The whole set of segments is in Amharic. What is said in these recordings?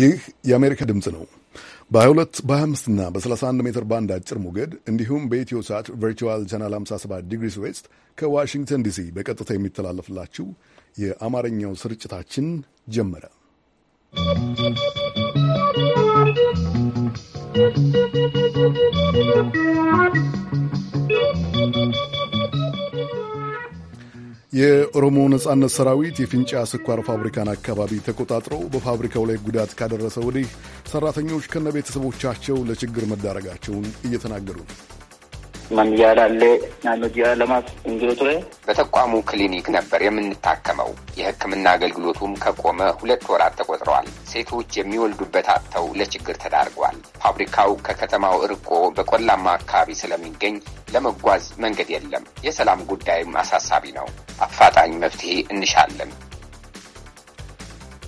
ይህ የአሜሪካ ድምፅ ነው። በ22 በ25 እና በ31 ሜትር ባንድ አጭር ሞገድ እንዲሁም በኢትዮ ሳት ቨርቹዋል ቻናል 57 ዲግሪስ ዌስት ከዋሽንግተን ዲሲ በቀጥታ የሚተላለፍላችሁ የአማርኛው ስርጭታችን ጀመረ። ¶¶ የኦሮሞ ነጻነት ሰራዊት የፊንጫ ስኳር ፋብሪካን አካባቢ ተቆጣጥሮ በፋብሪካው ላይ ጉዳት ካደረሰ ወዲህ ሰራተኞች ከነ ቤተሰቦቻቸው ለችግር መዳረጋቸውን እየተናገሩ ነው። መንያላለ ለማት በተቋሙ ክሊኒክ ነበር የምንታከመው። የሕክምና አገልግሎቱም ከቆመ ሁለት ወራት ተቆጥረዋል። ሴቶች የሚወልዱበት አጥተው ለችግር ተዳርጓል። ፋብሪካው ከከተማው እርቆ በቆላማ አካባቢ ስለሚገኝ ለመጓዝ መንገድ የለም። የሰላም ጉዳይም አሳሳቢ ነው። አፋጣኝ መፍትሄ እንሻለን።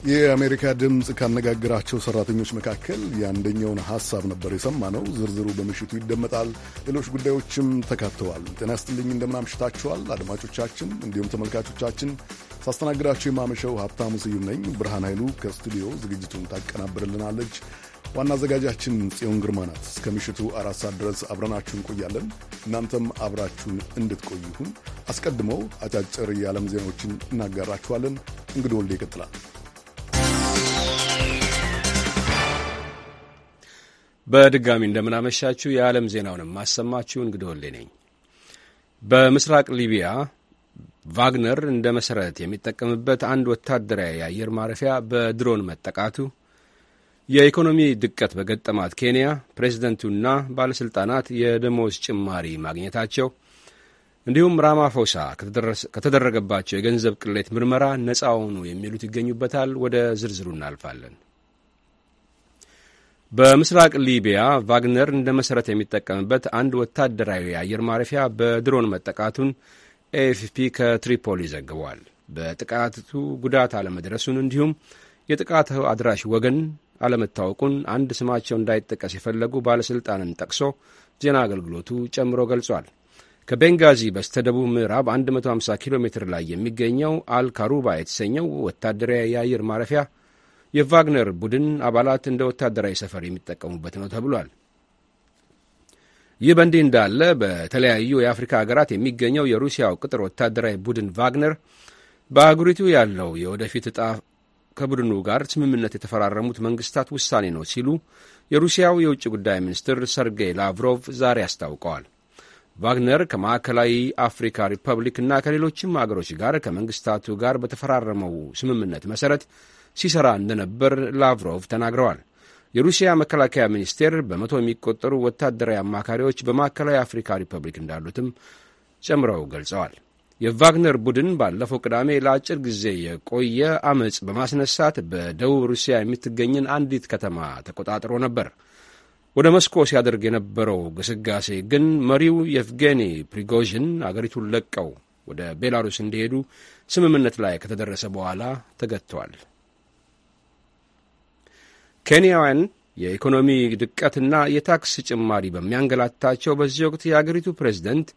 የአሜሪካ ድምፅ ካነጋገራቸው ሰራተኞች መካከል የአንደኛውን ሀሳብ ነበር የሰማ ነው። ዝርዝሩ በምሽቱ ይደመጣል። ሌሎች ጉዳዮችም ተካተዋል። ጤና ይስጥልኝ፣ እንደምናምሽታችኋል አድማጮቻችን፣ እንዲሁም ተመልካቾቻችን ሳስተናግዳቸው የማመሸው ሀብታሙ ስዩም ነኝ። ብርሃን ኃይሉ ከስቱዲዮ ዝግጅቱን ታቀናብርልናለች። ዋና አዘጋጃችን ጽዮን ግርማ ናት። እስከ ምሽቱ አራት ሰዓት ድረስ አብረናችሁ እንቆያለን። እናንተም አብራችሁን እንድትቆይሁን አስቀድመው አጫጭር የዓለም ዜናዎችን እናጋራችኋለን። እንግዲህ ወልደ ይቀጥላል። በድጋሚ እንደምናመሻችሁ የዓለም ዜናውንም ማሰማችሁ እንግዲህ ወሌ ነኝ። በምስራቅ ሊቢያ ቫግነር እንደ መሠረት የሚጠቀምበት አንድ ወታደራዊ የአየር ማረፊያ በድሮን መጠቃቱ፣ የኢኮኖሚ ድቀት በገጠማት ኬንያ ፕሬዚደንቱና ባለሥልጣናት የደሞዝ ጭማሪ ማግኘታቸው እንዲሁም ራማፎሳ ከተደረገባቸው የገንዘብ ቅሌት ምርመራ ነፃ ሆኑ የሚሉት ይገኙበታል። ወደ ዝርዝሩ እናልፋለን። በምስራቅ ሊቢያ ቫግነር እንደ መሠረት የሚጠቀምበት አንድ ወታደራዊ የአየር ማረፊያ በድሮን መጠቃቱን ኤኤፍፒ ከትሪፖሊ ዘግቧል። በጥቃቱ ጉዳት አለመድረሱን እንዲሁም የጥቃት አድራሽ ወገን አለመታወቁን አንድ ስማቸው እንዳይጠቀስ የፈለጉ ባለሥልጣንን ጠቅሶ ዜና አገልግሎቱ ጨምሮ ገልጿል። ከቤንጋዚ በስተደቡብ ምዕራብ 150 ኪሎ ሜትር ላይ የሚገኘው አልካሩባ የተሰኘው ወታደራዊ የአየር ማረፊያ የቫግነር ቡድን አባላት እንደ ወታደራዊ ሰፈር የሚጠቀሙበት ነው ተብሏል። ይህ በእንዲህ እንዳለ በተለያዩ የአፍሪካ ሀገራት የሚገኘው የሩሲያው ቅጥር ወታደራዊ ቡድን ቫግነር በአህጉሪቱ ያለው የወደፊት እጣ ከቡድኑ ጋር ስምምነት የተፈራረሙት መንግስታት ውሳኔ ነው ሲሉ የሩሲያው የውጭ ጉዳይ ሚኒስትር ሰርጌይ ላቭሮቭ ዛሬ አስታውቀዋል። ቫግነር ከማዕከላዊ አፍሪካ ሪፐብሊክ እና ከሌሎችም አገሮች ጋር ከመንግስታቱ ጋር በተፈራረመው ስምምነት መሠረት ሲሠራ እንደነበር ላቭሮቭ ተናግረዋል። የሩሲያ መከላከያ ሚኒስቴር በመቶ የሚቆጠሩ ወታደራዊ አማካሪዎች በማዕከላዊ አፍሪካ ሪፐብሊክ እንዳሉትም ጨምረው ገልጸዋል። የቫግነር ቡድን ባለፈው ቅዳሜ ለአጭር ጊዜ የቆየ አመፅ በማስነሳት በደቡብ ሩሲያ የምትገኝን አንዲት ከተማ ተቆጣጥሮ ነበር። ወደ መስኮ ሲያደርግ የነበረው ግስጋሴ ግን መሪው የቭጌኒ ፕሪጎዥን አገሪቱን ለቀው ወደ ቤላሩስ እንዲሄዱ ስምምነት ላይ ከተደረሰ በኋላ ተገጥተዋል። ኬንያውያን የኢኮኖሚ ድቀትና የታክስ ጭማሪ በሚያንገላታቸው በዚህ ወቅት የአገሪቱ ፕሬዝደንት፣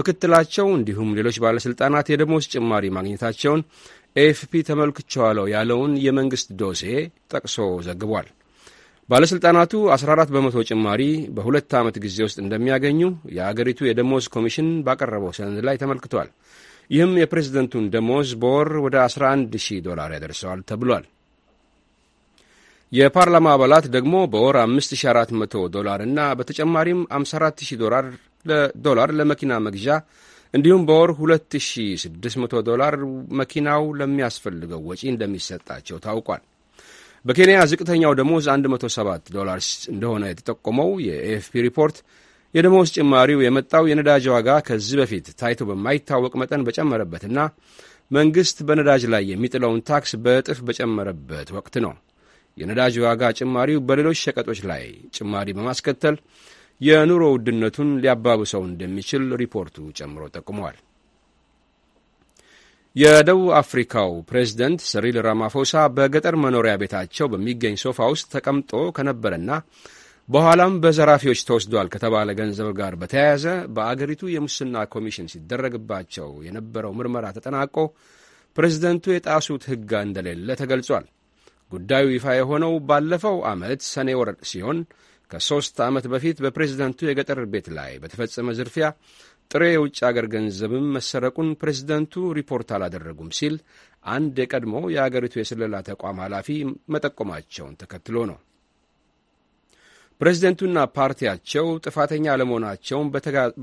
ምክትላቸው እንዲሁም ሌሎች ባለሥልጣናት የደሞዝ ጭማሪ ማግኘታቸውን ኤኤፍፒ ተመልክቸዋለው ያለውን የመንግሥት ዶሴ ጠቅሶ ዘግቧል። ባለሥልጣናቱ 14 በመቶ ጭማሪ በሁለት ዓመት ጊዜ ውስጥ እንደሚያገኙ የአገሪቱ የደሞዝ ኮሚሽን ባቀረበው ሰነድ ላይ ተመልክቷል። ይህም የፕሬዝደንቱን ደሞዝ በወር ወደ 11 ሺህ ዶላር ያደርሰዋል ተብሏል። የፓርላማ አባላት ደግሞ በወር 5400 ዶላር እና በተጨማሪም 54000 ዶላር ለመኪና መግዣ እንዲሁም በወር 2600 ዶላር መኪናው ለሚያስፈልገው ወጪ እንደሚሰጣቸው ታውቋል። በኬንያ ዝቅተኛው ደሞዝ 107 ዶላርስ እንደሆነ የተጠቆመው የኤኤፍፒ ሪፖርት የደሞዝ ጭማሪው የመጣው የነዳጅ ዋጋ ከዚህ በፊት ታይቶ በማይታወቅ መጠን በጨመረበትና መንግሥት በነዳጅ ላይ የሚጥለውን ታክስ በእጥፍ በጨመረበት ወቅት ነው። የነዳጅ ዋጋ ጭማሪው በሌሎች ሸቀጦች ላይ ጭማሪ በማስከተል የኑሮ ውድነቱን ሊያባብሰው እንደሚችል ሪፖርቱ ጨምሮ ጠቁመዋል። የደቡብ አፍሪካው ፕሬዝደንት ሰሪል ራማፎሳ በገጠር መኖሪያ ቤታቸው በሚገኝ ሶፋ ውስጥ ተቀምጦ ከነበረና በኋላም በዘራፊዎች ተወስዷል ከተባለ ገንዘብ ጋር በተያያዘ በአገሪቱ የሙስና ኮሚሽን ሲደረግባቸው የነበረው ምርመራ ተጠናቆ ፕሬዝደንቱ የጣሱት ሕግ እንደሌለ ተገልጿል። ጉዳዩ ይፋ የሆነው ባለፈው ዓመት ሰኔ ወር ሲሆን ከሦስት ዓመት በፊት በፕሬዝደንቱ የገጠር ቤት ላይ በተፈጸመ ዝርፊያ ጥሬ የውጭ አገር ገንዘብም መሰረቁን ፕሬዚደንቱ ሪፖርት አላደረጉም ሲል አንድ የቀድሞ የአገሪቱ የስለላ ተቋም ኃላፊ መጠቆማቸውን ተከትሎ ነው። ፕሬዚደንቱና ፓርቲያቸው ጥፋተኛ አለመሆናቸውን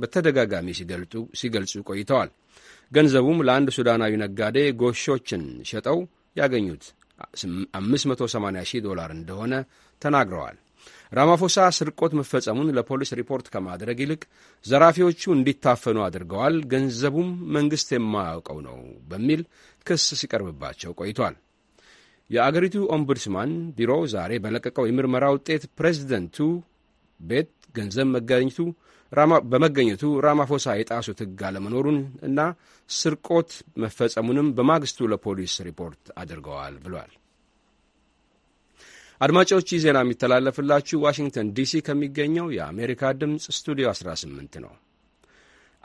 በተደጋጋሚ ሲገልጹ ቆይተዋል። ገንዘቡም ለአንድ ሱዳናዊ ነጋዴ ጎሾችን ሸጠው ያገኙት 580 ሺህ ዶላር እንደሆነ ተናግረዋል። ራማፎሳ ስርቆት መፈጸሙን ለፖሊስ ሪፖርት ከማድረግ ይልቅ ዘራፊዎቹ እንዲታፈኑ አድርገዋል፣ ገንዘቡም መንግሥት የማያውቀው ነው በሚል ክስ ሲቀርብባቸው ቆይቷል። የአገሪቱ ኦምቡድስማን ቢሮ ዛሬ በለቀቀው የምርመራ ውጤት ፕሬዚደንቱ ቤት ገንዘብ መገኘቱ በመገኘቱ ራማፎሳ የጣሱት ሕግ አለመኖሩን እና ስርቆት መፈጸሙንም በማግስቱ ለፖሊስ ሪፖርት አድርገዋል ብሏል። አድማጮች ይህ ዜና የሚተላለፍላችሁ ዋሽንግተን ዲሲ ከሚገኘው የአሜሪካ ድምፅ ስቱዲዮ 18 ነው።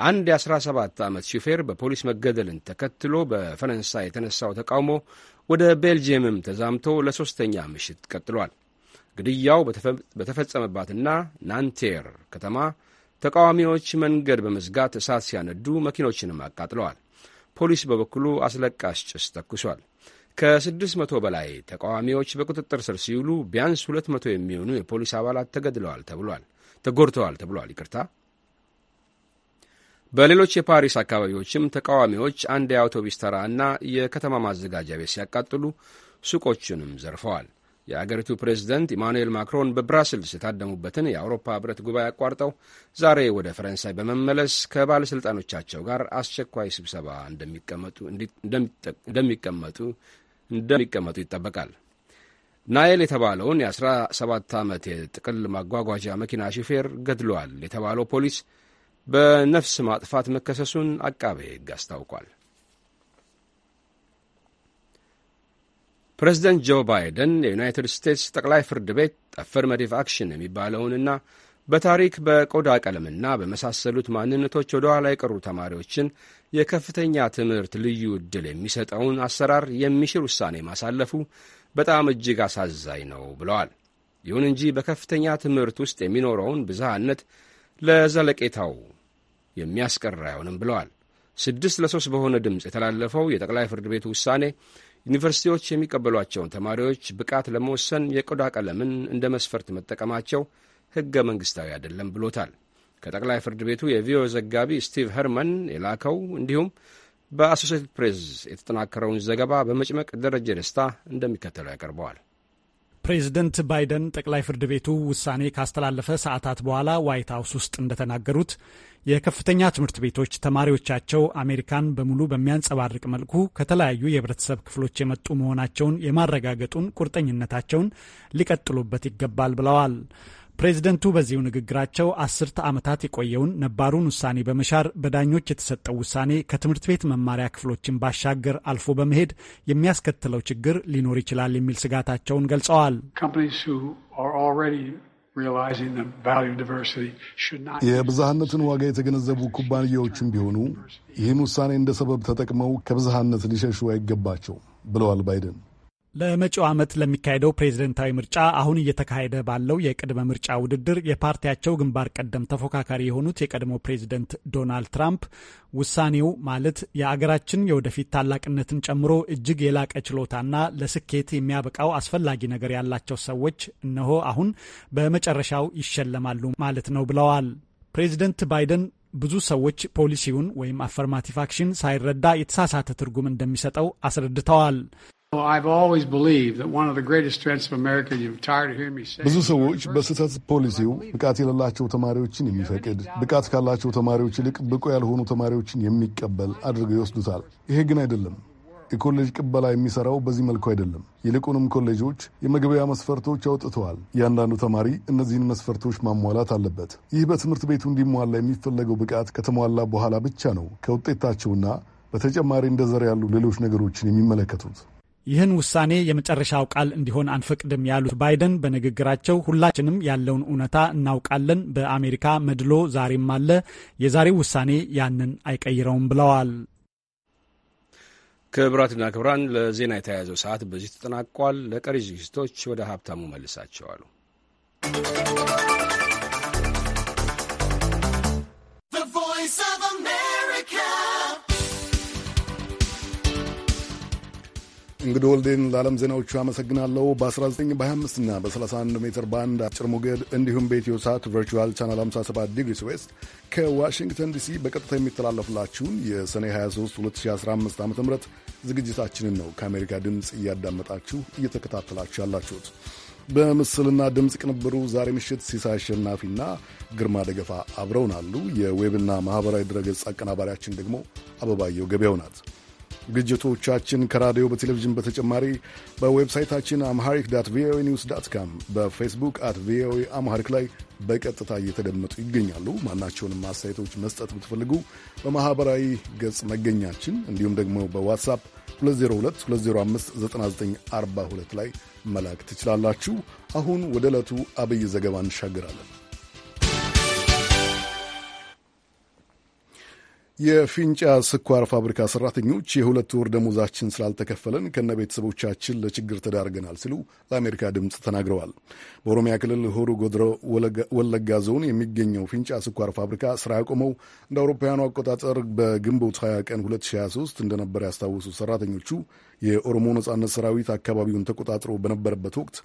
አንድ የ17 ዓመት ሹፌር በፖሊስ መገደልን ተከትሎ በፈረንሳይ የተነሳው ተቃውሞ ወደ ቤልጅየምም ተዛምቶ ለሦስተኛ ምሽት ቀጥሏል። ግድያው በተፈጸመባትና ናንቴር ከተማ ተቃዋሚዎች መንገድ በመዝጋት እሳት ሲያነዱ መኪኖችንም አቃጥለዋል። ፖሊስ በበኩሉ አስለቃሽ ጭስ ተኩሷል። ከ600 በላይ ተቃዋሚዎች በቁጥጥር ስር ሲውሉ ቢያንስ 200 የሚሆኑ የፖሊስ አባላት ተገድለዋል ተብሏል ተጎድተዋል ተብሏል። ይቅርታ። በሌሎች የፓሪስ አካባቢዎችም ተቃዋሚዎች አንድ የአውቶቡስ ተራ እና የከተማ ማዘጋጃ ቤት ሲያቃጥሉ ሱቆቹንም ዘርፈዋል። የአገሪቱ ፕሬዚደንት ኢማኑኤል ማክሮን በብራስልስ የታደሙበትን የአውሮፓ ህብረት ጉባኤ አቋርጠው ዛሬ ወደ ፈረንሳይ በመመለስ ከባለሥልጣኖቻቸው ጋር አስቸኳይ ስብሰባ እንደሚቀመጡ እንደሚቀመጡ ይጠበቃል። ናይል የተባለውን የ17 ዓመት የጥቅል ማጓጓዣ መኪና ሹፌር ገድሏል የተባለው ፖሊስ በነፍስ ማጥፋት መከሰሱን አቃቤ ሕግ አስታውቋል። ፕሬዚደንት ጆ ባይደን የዩናይትድ ስቴትስ ጠቅላይ ፍርድ ቤት አፈርማቲቭ አክሽን የሚባለውንና በታሪክ በቆዳ ቀለምና በመሳሰሉት ማንነቶች ወደ ኋላ የቀሩ ተማሪዎችን የከፍተኛ ትምህርት ልዩ ዕድል የሚሰጠውን አሰራር የሚሽር ውሳኔ ማሳለፉ በጣም እጅግ አሳዛኝ ነው ብለዋል። ይሁን እንጂ በከፍተኛ ትምህርት ውስጥ የሚኖረውን ብዝሃነት ለዘለቄታው የሚያስቀር አይሆንም ብለዋል። ስድስት ለሶስት በሆነ ድምፅ የተላለፈው የጠቅላይ ፍርድ ቤቱ ውሳኔ ዩኒቨርሲቲዎች የሚቀበሏቸውን ተማሪዎች ብቃት ለመወሰን የቆዳ ቀለምን እንደ መስፈርት መጠቀማቸው ህገ መንግስታዊ አይደለም ብሎታል። ከጠቅላይ ፍርድ ቤቱ የቪኦኤ ዘጋቢ ስቲቭ ሄርመን የላከው እንዲሁም በአሶሴትድ ፕሬስ የተጠናከረውን ዘገባ በመጭመቅ ደረጀ ደስታ እንደሚከተለው ያቀርበዋል። ፕሬዚደንት ባይደን ጠቅላይ ፍርድ ቤቱ ውሳኔ ካስተላለፈ ሰዓታት በኋላ ዋይት ሀውስ ውስጥ እንደተናገሩት የከፍተኛ ትምህርት ቤቶች ተማሪዎቻቸው አሜሪካን በሙሉ በሚያንጸባርቅ መልኩ ከተለያዩ የህብረተሰብ ክፍሎች የመጡ መሆናቸውን የማረጋገጡን ቁርጠኝነታቸውን ሊቀጥሉበት ይገባል ብለዋል። ፕሬዝደንቱ በዚሁ ንግግራቸው አስርተ ዓመታት የቆየውን ነባሩን ውሳኔ በመሻር በዳኞች የተሰጠው ውሳኔ ከትምህርት ቤት መማሪያ ክፍሎችን ባሻገር አልፎ በመሄድ የሚያስከትለው ችግር ሊኖር ይችላል የሚል ስጋታቸውን ገልጸዋል። የብዝሃነትን ዋጋ የተገነዘቡ ኩባንያዎችም ቢሆኑ ይህን ውሳኔ እንደ ሰበብ ተጠቅመው ከብዝሃነት ሊሸሹ አይገባቸው ብለዋል ባይደን። ለመጪው ዓመት ለሚካሄደው ፕሬዝደንታዊ ምርጫ አሁን እየተካሄደ ባለው የቅድመ ምርጫ ውድድር የፓርቲያቸው ግንባር ቀደም ተፎካካሪ የሆኑት የቀድሞ ፕሬዝደንት ዶናልድ ትራምፕ ውሳኔው ማለት የአገራችን የወደፊት ታላቅነትን ጨምሮ እጅግ የላቀ ችሎታና ለስኬት የሚያበቃው አስፈላጊ ነገር ያላቸው ሰዎች እነሆ አሁን በመጨረሻው ይሸለማሉ ማለት ነው ብለዋል። ፕሬዝደንት ባይደን ብዙ ሰዎች ፖሊሲውን ወይም አፈርማቲቭ አክሽን ሳይረዳ የተሳሳተ ትርጉም እንደሚሰጠው አስረድተዋል። ብዙ ሰዎች በስህተት ፖሊሲው ብቃት የሌላቸው ተማሪዎችን የሚፈቅድ ብቃት ካላቸው ተማሪዎች ይልቅ ብቁ ያልሆኑ ተማሪዎችን የሚቀበል አድርገው ይወስዱታል። ይሄ ግን አይደለም። የኮሌጅ ቅበላ የሚሰራው በዚህ መልኩ አይደለም። ይልቁንም ኮሌጆች የመግቢያ መስፈርቶች አውጥተዋል። እያንዳንዱ ተማሪ እነዚህን መስፈርቶች ማሟላት አለበት። ይህ በትምህርት ቤቱ እንዲሟላ የሚፈለገው ብቃት ከተሟላ በኋላ ብቻ ነው ከውጤታቸውና በተጨማሪ እንደ ዘር ያሉ ሌሎች ነገሮችን የሚመለከቱት። ይህን ውሳኔ የመጨረሻው ቃል እንዲሆን አንፈቅድም ያሉት ባይደን በንግግራቸው ሁላችንም ያለውን እውነታ እናውቃለን፣ በአሜሪካ መድሎ ዛሬም አለ፣ የዛሬው ውሳኔ ያንን አይቀይረውም ብለዋል። ክቡራትና ክቡራን ለዜና የተያያዘው ሰዓት በዚህ ተጠናቋል። ለቀሪ ዝግጅቶች ወደ ሀብታሙ መልሳቸዋሉ። እንግዲ ወልዴን ለዓለም ዜናዎቹ አመሰግናለሁ። በ19 በ25 እና በ31 ሜትር ባንድ አጭር ሞገድ እንዲሁም በኢትዮ ሳት ቨርቹዋል ቻናል 57 ዲግሪስ ዌስት ከዋሽንግተን ዲሲ በቀጥታ የሚተላለፍላችሁን የሰኔ 23 2015 ዓ ም ዝግጅታችንን ነው ከአሜሪካ ድምፅ እያዳመጣችሁ እየተከታተላችሁ ያላችሁት። በምስልና ድምፅ ቅንብሩ ዛሬ ምሽት ሲሳይ አሸናፊና ግርማ ደገፋ አብረውን አሉ። የዌብና ማኅበራዊ ድረገጽ አቀናባሪያችን ደግሞ አበባየው ገበያው ናት። ዝግጅቶቻችን ከራዲዮ በቴሌቪዥን በተጨማሪ በዌብሳይታችን አምሃሪክ ዳት ቪኦኤ ኒውስ ዳት ካም በፌስቡክ አት ቪኦኤ አምሃሪክ ላይ በቀጥታ እየተደመጡ ይገኛሉ። ማናቸውንም አስተያየቶች መስጠት ብትፈልጉ በማኅበራዊ ገጽ መገኛችን እንዲሁም ደግሞ በዋትሳፕ 2022059942 ላይ መላክ ትችላላችሁ። አሁን ወደ ዕለቱ አብይ ዘገባ እንሻገራለን። የፊንጫ ስኳር ፋብሪካ ሰራተኞች የሁለት ወር ደሞዛችን ስላልተከፈለን ከነ ቤተሰቦቻችን ለችግር ተዳርገናል ሲሉ ለአሜሪካ ድምፅ ተናግረዋል። በኦሮሚያ ክልል ሆሮ ጉዱሩ ወለጋ ዞን የሚገኘው ፊንጫ ስኳር ፋብሪካ ስራ ያቆመው እንደ አውሮፓውያኑ አቆጣጠር በግንቦት 20 ቀን 2023 እንደነበር ያስታወሱ ሰራተኞቹ የኦሮሞ ነጻነት ሰራዊት አካባቢውን ተቆጣጥሮ በነበረበት ወቅት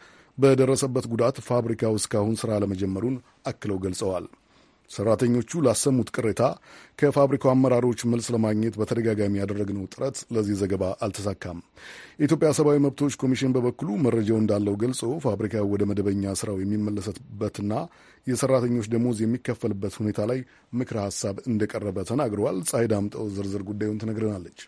በደረሰበት ጉዳት ፋብሪካው እስካሁን ስራ ለመጀመሩን አክለው ገልጸዋል። ሰራተኞቹ ላሰሙት ቅሬታ ከፋብሪካው አመራሮች መልስ ለማግኘት በተደጋጋሚ ያደረግነው ጥረት ለዚህ ዘገባ አልተሳካም። የኢትዮጵያ ሰብአዊ መብቶች ኮሚሽን በበኩሉ መረጃው እንዳለው ገልጾ ፋብሪካው ወደ መደበኛ ስራው የሚመለስበትና የሰራተኞች ደሞዝ የሚከፈልበት ሁኔታ ላይ ምክረ ሀሳብ እንደቀረበ ተናግረዋል። ፀሐይ ዳምጠው ዝርዝር ጉዳዩን ትነግረናለች።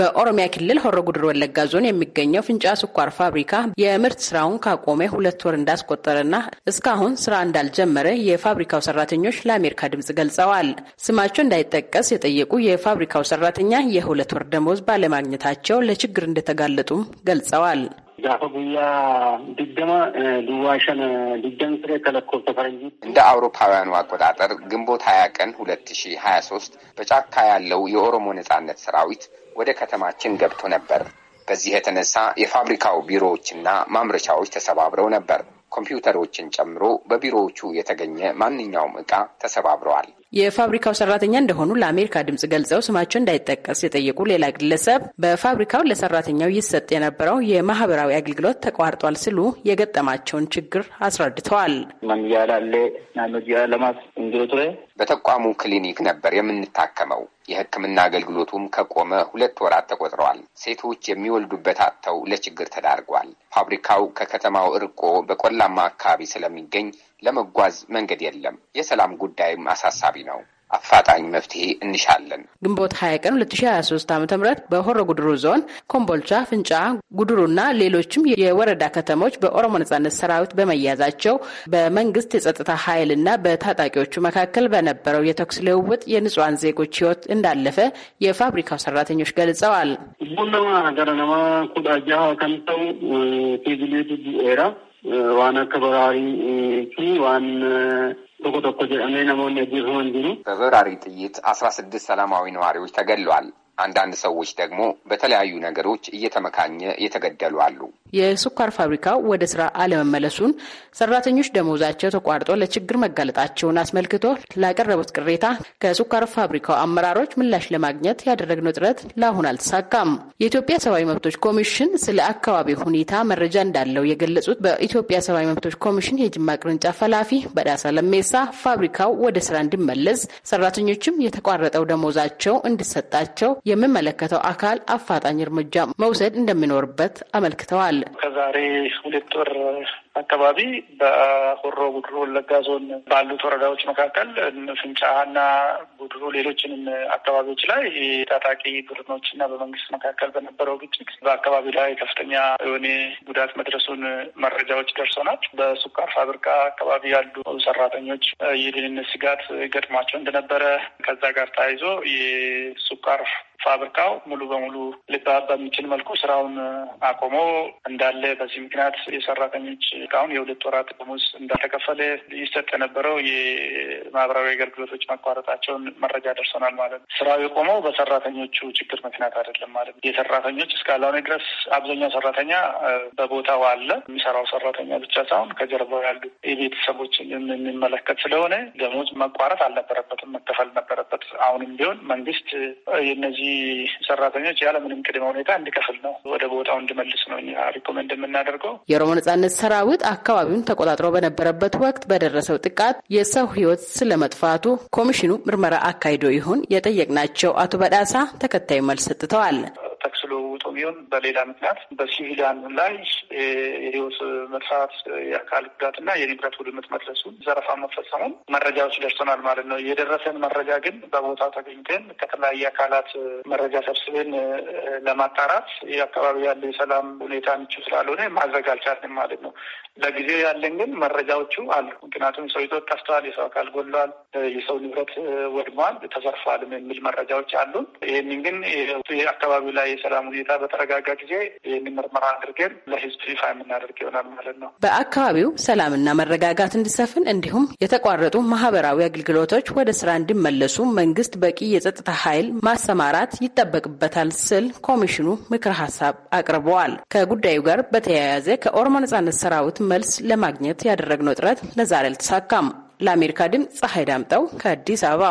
በኦሮሚያ ክልል ሆሮ ጉድር ወለጋ ዞን የሚገኘው ፍንጫ ስኳር ፋብሪካ የምርት ስራውን ካቆመ ሁለት ወር እንዳስቆጠረና እስካሁን ስራ እንዳልጀመረ የፋብሪካው ሰራተኞች ለአሜሪካ ድምጽ ገልጸዋል። ስማቸው እንዳይጠቀስ የጠየቁ የፋብሪካው ሰራተኛ የሁለት ወር ደሞዝ ባለማግኘታቸው ለችግር እንደተጋለጡም ገልጸዋል። እንደ አውሮፓውያኑ አቆጣጠር ግንቦት ሀያ ቀን ሁለት ሺ ሀያ ሶስት በጫካ ያለው የኦሮሞ ነጻነት ሰራዊት ወደ ከተማችን ገብቶ ነበር። በዚህ የተነሳ የፋብሪካው ቢሮዎችና ማምረቻዎች ተሰባብረው ነበር። ኮምፒውተሮችን ጨምሮ በቢሮዎቹ የተገኘ ማንኛውም ዕቃ ተሰባብረዋል። የፋብሪካው ሰራተኛ እንደሆኑ ለአሜሪካ ድምጽ ገልጸው ስማቸው እንዳይጠቀስ የጠየቁ ሌላ ግለሰብ በፋብሪካው ለሰራተኛው ይሰጥ የነበረው የማህበራዊ አገልግሎት ተቋርጧል ሲሉ የገጠማቸውን ችግር አስረድተዋል። በተቋሙ ክሊኒክ ነበር የምንታከመው። የሕክምና አገልግሎቱም ከቆመ ሁለት ወራት ተቆጥረዋል። ሴቶች የሚወልዱበት አጥተው ለችግር ተዳርጓል። ፋብሪካው ከከተማው እርቆ በቆላማ አካባቢ ስለሚገኝ ለመጓዝ መንገድ የለም። የሰላም ጉዳይም አሳሳቢ ነው። አፋጣኝ መፍትሄ እንሻለን። ግንቦት ሀያ ቀን ሁለት ሺ ሀያ ሶስት በሆረ ጉድሩ ዞን ኮምቦልቻ፣ ፍንጫ፣ ጉድሩና ሌሎችም የወረዳ ከተሞች በኦሮሞ ነጻነት ሰራዊት በመያዛቸው በመንግስት የጸጥታ ኃይልና በታጣቂዎቹ መካከል በነበረው የተኩስ ልውውጥ የንጹሐን ዜጎች ህይወት እንዳለፈ የፋብሪካው ሰራተኞች ገልጸዋል። ቡናማ ገረነማ ኩዳጃ ከምተው ቴጅሌቱ ኤራ waan akka baraarii fi waan ቁጥቁጥ ጀ ነሞ ነ በበራሪ ጥይት አስራ ስድስት ሰላማዊ ነዋሪዎች ተገሏል። አንዳንድ ሰዎች ደግሞ በተለያዩ ነገሮች እየተመካኘ የተገደሉ አሉ። የስኳር ፋብሪካው ወደ ስራ አለመመለሱን፣ ሰራተኞች ደሞዛቸው ተቋርጦ ለችግር መጋለጣቸውን አስመልክቶ ላቀረቡት ቅሬታ ከስኳር ፋብሪካው አመራሮች ምላሽ ለማግኘት ያደረግነው ጥረት ለአሁን አልተሳካም። የኢትዮጵያ ሰብአዊ መብቶች ኮሚሽን ስለ አካባቢ ሁኔታ መረጃ እንዳለው የገለጹት በኢትዮጵያ ሰብአዊ መብቶች ኮሚሽን የጅማ ቅርንጫፍ ኃላፊ በዳሳ ለሜሳ ፋብሪካው ወደ ስራ እንዲመለስ፣ ሰራተኞችም የተቋረጠው ደሞዛቸው እንዲሰጣቸው የሚመለከተው አካል አፋጣኝ እርምጃ መውሰድ እንደሚኖርበት አመልክተዋል። ከዛሬ ሁለት ወር አካባቢ በሆሮ ጉድሩ ወለጋ ዞን ባሉት ወረዳዎች መካከል ፍንጫና ጉድሩ ሌሎችንም አካባቢዎች ላይ ታጣቂ ቡድኖችና በመንግስት መካከል በነበረው ግጭት በአካባቢ ላይ ከፍተኛ የሆነ ጉዳት መድረሱን መረጃዎች ደርሶናል። በሱካር ፋብሪካ አካባቢ ያሉ ሰራተኞች የደህንነት ስጋት ገጥሟቸው እንደነበረ ከዛ ጋር ተያይዞ የሱካር ፋብሪካው ሙሉ በሙሉ ሊባብ በሚችል መልኩ ስራውን አቆሞ እንዳለ በዚህ ምክንያት የሰራተኞች እስካሁን የሁለት ወራት ደሞዝ እንዳልተከፈለ ይሰጥ የነበረው የማህበራዊ አገልግሎቶች መቋረጣቸውን መረጃ ደርሰናል ማለት ነው። ስራው የቆመው በሰራተኞቹ ችግር ምክንያት አይደለም ማለት ነው። የሰራተኞች እስካላሁን ድረስ አብዛኛው ሰራተኛ በቦታው አለ። የሚሰራው ሰራተኛ ብቻ ሳይሆን ከጀርባው ያሉ የቤተሰቦች የሚመለከት ስለሆነ ደሞዝ መቋረጥ አልነበረበትም፣ መከፈል ነበረበት። አሁንም ቢሆን መንግስት የነዚህ ሰራተኞች ያለምንም ቅድመ ሁኔታ እንዲከፍል ነው፣ ወደ ቦታው እንዲመልስ ነው እኛ ሪኮመንድ የምናደርገው። የኦሮሞ ነጻነት ሰራዊት አካባቢውን ተቆጣጥሮ በነበረበት ወቅት በደረሰው ጥቃት የሰው ህይወት ስለመጥፋቱ ኮሚሽኑ ምርመራ አካሂዶ ይሁን የጠየቅናቸው አቶ በዳሳ ተከታይ መልስ ሰጥተዋል። በጾም ይሁን በሌላ ምክንያት በሲቪሊያን ላይ የህይወት መጥፋት፣ የአካል ጉዳት እና የንብረት ውድመት መድረሱን፣ ዘረፋ መፈጸሙን መረጃዎች ደርሰናል ማለት ነው። የደረሰን መረጃ ግን በቦታው ተገኝተን ከተለያየ አካላት መረጃ ሰብስበን ለማጣራት የአካባቢ ያለ የሰላም ሁኔታ ምቹ ስላልሆነ ማድረግ አልቻለን ማለት ነው። ለጊዜው ያለን ግን መረጃዎቹ አሉ። ምክንያቱም የሰው ህይወት ጠፍቷል፣ የሰው አካል ጎድሏል፣ የሰው ንብረት ወድሟል፣ ተዘርፏል የሚል መረጃዎች አሉ ይህንን ግን የአካባቢው ላይ የሰላም ሁኔታ በተረጋጋ ጊዜ ይህን ምርመራ አድርገን ለህዝብ ይፋ የምናደርግ ይሆናል ማለት ነው። በአካባቢው ሰላምና መረጋጋት እንዲሰፍን እንዲሁም የተቋረጡ ማህበራዊ አገልግሎቶች ወደ ስራ እንዲመለሱ መንግስት በቂ የጸጥታ ኃይል ማሰማራት ይጠበቅበታል ስል ኮሚሽኑ ምክር ሀሳብ አቅርበዋል። ከጉዳዩ ጋር በተያያዘ ከኦሮሞ ነጻነት ሰራዊት መልስ ለማግኘት ያደረግነው ጥረት ለዛሬ አልተሳካም። ለአሜሪካ ድምፅ ፀሐይ ዳምጠው ከአዲስ አበባ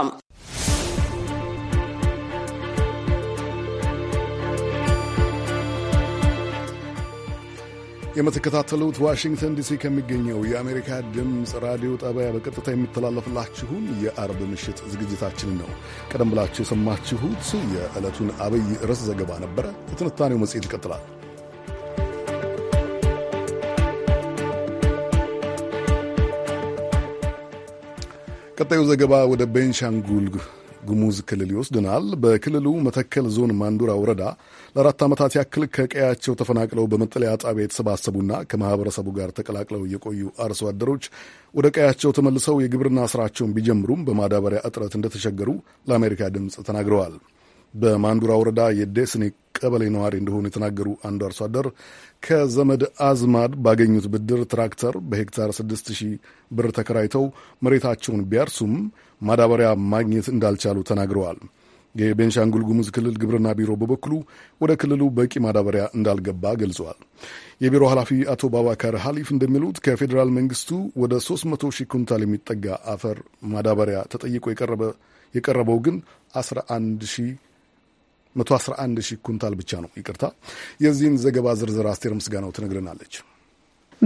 የምትከታተሉት ዋሽንግተን ዲሲ ከሚገኘው የአሜሪካ ድምፅ ራዲዮ ጣቢያ በቀጥታ የሚተላለፍላችሁን የአርብ ምሽት ዝግጅታችን ነው። ቀደም ብላችሁ የሰማችሁት የዕለቱን አብይ ርዕስ ዘገባ ነበረ። የትንታኔው መጽሔት ይቀጥላል። ቀጣዩ ዘገባ ወደ ቤንሻንጉል ጉሙዝ ክልል ይወስድናል። በክልሉ መተከል ዞን ማንዱራ ወረዳ ለአራት ዓመታት ያክል ከቀያቸው ተፈናቅለው በመጠለያ ጣቢያ የተሰባሰቡና ከማህበረሰቡ ጋር ተቀላቅለው የቆዩ አርሶ አደሮች ወደ ቀያቸው ተመልሰው የግብርና ስራቸውን ቢጀምሩም በማዳበሪያ እጥረት እንደተቸገሩ ለአሜሪካ ድምፅ ተናግረዋል። በማንዱራ ወረዳ የዴስኒ ቀበሌ ነዋሪ እንደሆኑ የተናገሩ አንዱ አርሶ አደር ከዘመድ አዝማድ ባገኙት ብድር ትራክተር በሄክታር ሺህ ብር ተከራይተው መሬታቸውን ቢያርሱም ማዳበሪያ ማግኘት እንዳልቻሉ ተናግረዋል። የቤንሻንጉል ጉሙዝ ክልል ግብርና ቢሮ በበኩሉ ወደ ክልሉ በቂ ማዳበሪያ እንዳልገባ ገልጿል። የቢሮ ኃላፊ አቶ ባባካር ሀሊፍ እንደሚሉት ከፌዴራል መንግስቱ ወደ 300 ሺህ ኩንታል የሚጠጋ አፈር ማዳበሪያ ተጠይቆ የቀረበው ግን 111 ሺህ ኩንታል ብቻ ነው። ይቅርታ። የዚህን ዘገባ ዝርዝር አስቴር ምስጋናው ትነግረናለች።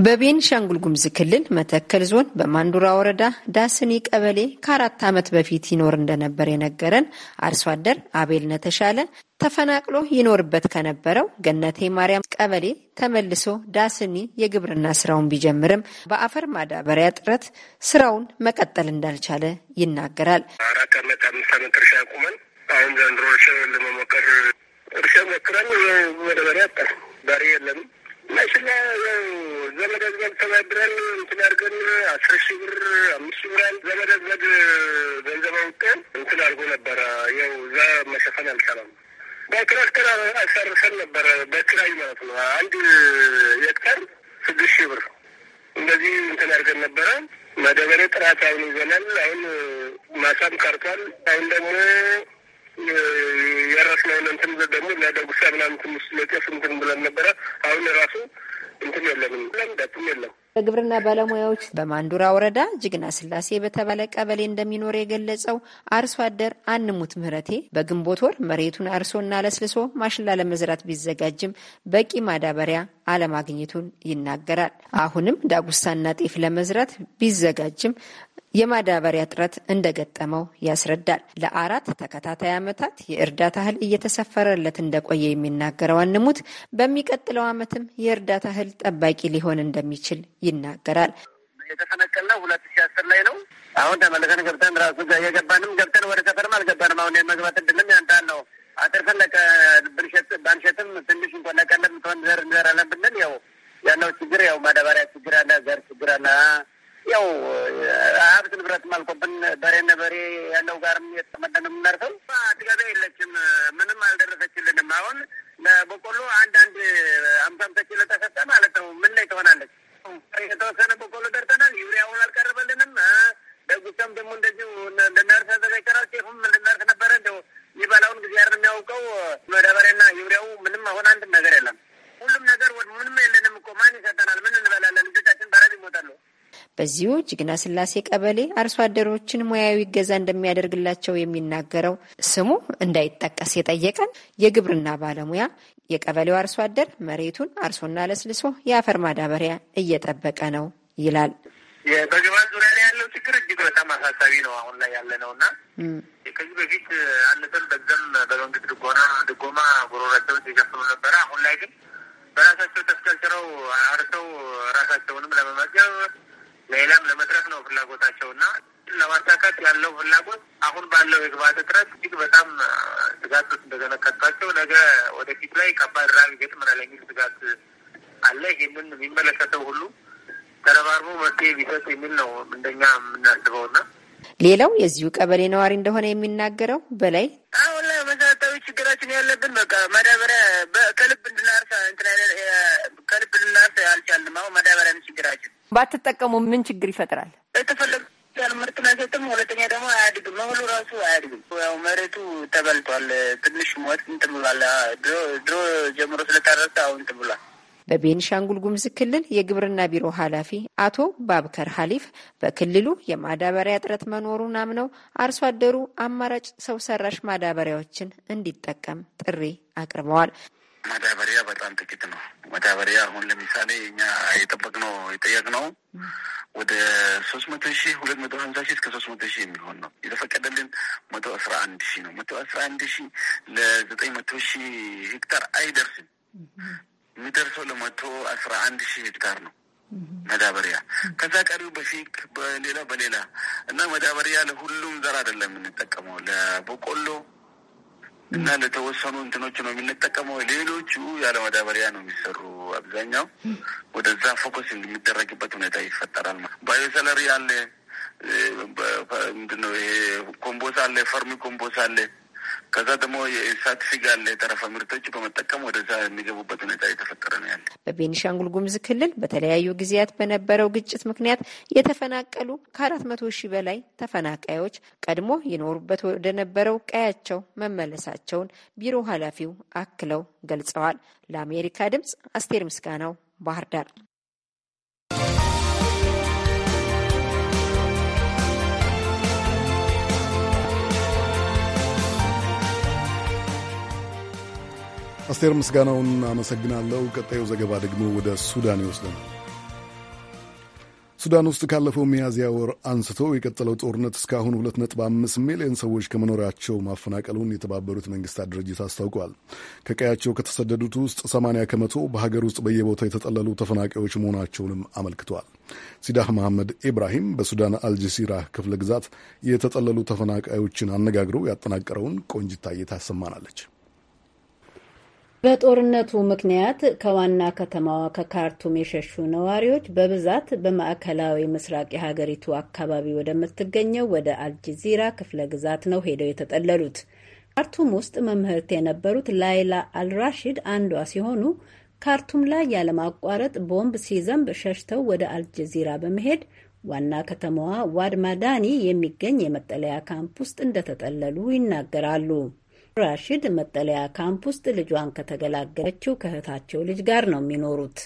በቤንሻንጉል ጉሙዝ ክልል መተከል ዞን በማንዱራ ወረዳ ዳስኒ ቀበሌ ከአራት ዓመት በፊት ይኖር እንደነበር የነገረን አርሶ አደር አቤል ነተሻለ ተፈናቅሎ ይኖርበት ከነበረው ገነቴ ማርያም ቀበሌ ተመልሶ ዳስኒ የግብርና ስራውን ቢጀምርም በአፈር ማዳበሪያ ጥረት ስራውን መቀጠል እንዳልቻለ ይናገራል። አራት ዓመት አምስት ዓመት እርሻ ያቁመን አሁን ዘንድሮ እርሻ ለመሞከር እርሻ ሞክረን ማዳበሪያ በሬ የለንም መኪና ዘመድ አዝማድ ተባብረን እንትን አድርገን አስር ሺህ ብር አምስት ሺ ብር ዘመድ አዝማድ ገንዘብ አውጥተን እንትን አድርጎ ነበረ። ያው እዛ መሸፈን አልቻለም። በትራክተር አሰርሰን ነበረ በኪራይ ማለት ነው። አንድ ሄክታር ስድስት ሺ ብር እንደዚህ እንትን አድርገን ነበረ። መደበሪያ ጥራት አሁን ይዘናል። አሁን ማሳም ቀርቷል። አሁን ደግሞ የራስ ላይ እንትን ደግሞ ለደጉሳ ምናምን ትንሽ ለጤፍ እንትን ብለን ነበረ። አሁን ራሱ እንትን የለንም፣ ለምደትም የለም በግብርና ባለሙያዎች በማንዱራ ወረዳ ጅግና ስላሴ በተባለ ቀበሌ እንደሚኖር የገለጸው አርሶ አደር አንሙት ምህረቴ በግንቦት ወር መሬቱን አርሶና ለስልሶ ማሽላ ለመዝራት ቢዘጋጅም በቂ ማዳበሪያ አለማግኘቱን ይናገራል። አሁንም ዳጉሳና ጤፍ ለመዝራት ቢዘጋጅም የማዳበሪያ እጥረት እንደገጠመው ያስረዳል። ለአራት ተከታታይ ዓመታት የእርዳታ እህል እየተሰፈረለት እንደቆየ የሚናገረው አንሙት በሚቀጥለው ዓመትም የእርዳታ እህል ጠባቂ ሊሆን እንደሚችል ይናገራል። የተፈነቀልነው ሁለት ሺ አስር ላይ ነው። አሁን ተመልሰን ገብተን ራሱ የገባንም ገብተን ወደ ሰፈርም አልገባንም። አሁን የመግባት እድልም ያንታል ነው አጥር ፈለቀ ብንሸት ባንሸትም ትንሽ እንኳን ለቀለም ትሆን ዘር እንዘራለን ብንል ያው ያለው ችግር ያው ማዳበሪያ ችግር አለ፣ ዘር ችግር አለ። ያው ሀብት ንብረት አልቆብን በሬ ነበሬ ያለው ጋርም የተመደን የምናርሰው አትገቢ የለችም ምንም አልደረሰችልንም። አሁን ለበቆሎ አንዳንድ አምሳ አምሳ ኪሎ ተሰጠ ማለት ነው። ምን ላይ ትሆናለች? የተወሰነ በቆሎ ደርሰናል። ዩሪያውን አልቀረበልንም። ደግሞ እንደዚሁ ተዘጋጅተናል። ጤፉም ነበረ። እንደው የሚበላውን ጊዜ የሚያውቀው መዳበሪያና ዩሪያው ምንም አሁን አንድም ነገር የለም። ሁሉም ነገር ምንም የለንም እኮ ማን ይሰጠናል? ምን እንበላለን? ልጆቻችን በረድ ይሞታሉ። በዚሁ ጅግና ስላሴ ቀበሌ አርሶ አደሮችን ሙያዊ እገዛ እንደሚያደርግላቸው የሚናገረው ስሙ እንዳይጠቀስ የጠየቀን የግብርና ባለሙያ የቀበሌው አርሶ አደር መሬቱን አርሶና ለስልሶ የአፈር ማዳበሪያ እየጠበቀ ነው ይላል። በግብዓት ዙሪያ ላይ ያለው ችግር እጅግ በጣም አሳሳቢ ነው አሁን ላይ ያለ ነው እና ከዚህ በፊት አንተን በዛም በመንግስት ድጎና ድጎማ ጉሮራቸውን ሲሸፍኑ ነበረ። አሁን ላይ ግን በራሳቸው ተስከልትረው አርሰው ራሳቸውንም ለመመገብ ሌላም ለመትረፍ ነው ፍላጎታቸው እና ለማሳካት ያለው ፍላጎት አሁን ባለው የግባት እጥረት እጅግ በጣም ስጋት ውስጥ እንደገነከቷቸው ነገ ወደፊት ላይ ከባድ ራብ ይገጥመናል የሚል ስጋት አለ። ይህንን የሚመለከተው ሁሉ ተረባርቦ መፍትሄ ቢሰጥ የሚል ነው እንደኛ የምናስበውና ሌላው የዚሁ ቀበሌ ነዋሪ እንደሆነ የሚናገረው በላይ አሁን ላይ መሰረታዊ ችግራችን ያለብን በቃ ማዳበሪያ ከልብ እንድናርስ ከልብ እንድናርሳ አልቻልም። አሁን ማዳበሪያ ችግራችን ባትጠቀሙ ምን ችግር ይፈጥራል? የተፈለገ ያል ምርት መሰጥም ሁለተኛ ደግሞ አያድግም። መብሉ ራሱ አያድግም። ያው መሬቱ ተበልቷል። ትንሽ ሞት እንትን ብሏል። ድሮ ጀምሮ ስለታረሰ አሁን እንትን ብሏል። በቤንሻንጉል ጉምዝ ክልል የግብርና ቢሮ ኃላፊ አቶ ባብከር ሀሊፍ በክልሉ የማዳበሪያ እጥረት መኖሩን አምነው አርሶ አደሩ አማራጭ ሰው ሰራሽ ማዳበሪያዎችን እንዲጠቀም ጥሪ አቅርበዋል። ማዳበሪያ በጣም ጥቂት ነው። ማዳበሪያ አሁን ለምሳሌ እኛ የጠበቅነው የጠየቅነው ወደ ሶስት መቶ ሺህ ሁለት መቶ ሀምሳ ሺህ እስከ ሶስት መቶ ሺህ የሚሆን ነው የተፈቀደልን መቶ አስራ አንድ ሺህ ነው። መቶ አስራ አንድ ሺህ ለዘጠኝ መቶ ሺህ ሄክታር አይደርስም። የሚደርሰው ለመቶ አስራ አንድ ሺህ ሄክታር ነው መዳበሪያ ከዛ ቀሪው በፊክ በሌላ በሌላ እና መዳበሪያ ለሁሉም ዘር አይደለም የምንጠቀመው ለበቆሎ እና ለተወሰኑ እንትኖች ነው የምንጠቀመው። ሌሎቹ ያለ ማዳበሪያ ነው የሚሰሩ አብዛኛው ወደዛ ፎከስ የሚደረግበት ሁኔታ ይፈጠራል። ባዮሰለሪ አለ ምንድነው ይሄ ኮምቦስ አለ፣ ፈርሚ ኮምቦስ አለ ከዛ ደግሞ የእንስሳት ስጋ አለ የተረፈ ምርቶች በመጠቀም ወደዛ የሚገቡበት ሁኔታ እየተፈጠረ ነው ያለ። በቤኒሻንጉል ጉምዝ ክልል በተለያዩ ጊዜያት በነበረው ግጭት ምክንያት የተፈናቀሉ ከአራት መቶ ሺህ በላይ ተፈናቃዮች ቀድሞ ይኖሩበት ወደነበረው ቀያቸው መመለሳቸውን ቢሮ ኃላፊው አክለው ገልጸዋል። ለአሜሪካ ድምጽ አስቴር ምስጋናው ባህር ዳር አስቴር ምስጋናውን አመሰግናለሁ። ቀጣዩ ዘገባ ደግሞ ወደ ሱዳን ይወስደናል። ሱዳን ውስጥ ካለፈው ሚያዝያ ወር አንስቶ የቀጠለው ጦርነት እስካሁን 2.5 ሚሊዮን ሰዎች ከመኖሪያቸው ማፈናቀሉን የተባበሩት መንግስታት ድርጅት አስታውቋል። ከቀያቸው ከተሰደዱት ውስጥ 80 ከመቶ በሀገር ውስጥ በየቦታው የተጠለሉ ተፈናቃዮች መሆናቸውንም አመልክተዋል። ሲዳህ መሐመድ ኢብራሂም በሱዳን አልጀሲራ ክፍለ ግዛት የተጠለሉ ተፈናቃዮችን አነጋግረው ያጠናቀረውን ቆንጅታ ታሰማናለች። በጦርነቱ ምክንያት ከዋና ከተማዋ ከካርቱም የሸሹ ነዋሪዎች በብዛት በማዕከላዊ ምስራቅ የሀገሪቱ አካባቢ ወደምትገኘው ወደ አልጀዚራ ክፍለ ግዛት ነው ሄደው የተጠለሉት። ካርቱም ውስጥ መምህርት የነበሩት ላይላ አልራሺድ አንዷ ሲሆኑ ካርቱም ላይ ያለማቋረጥ ቦምብ ሲዘንብ ሸሽተው ወደ አልጀዚራ በመሄድ ዋና ከተማዋ ዋድማዳኒ የሚገኝ የመጠለያ ካምፕ ውስጥ እንደተጠለሉ ይናገራሉ። ራሽድ መጠለያ ካምፕ ውስጥ ልጇን ከተገላገለችው ከእህታቸው ልጅ ጋር ነው የሚኖሩት።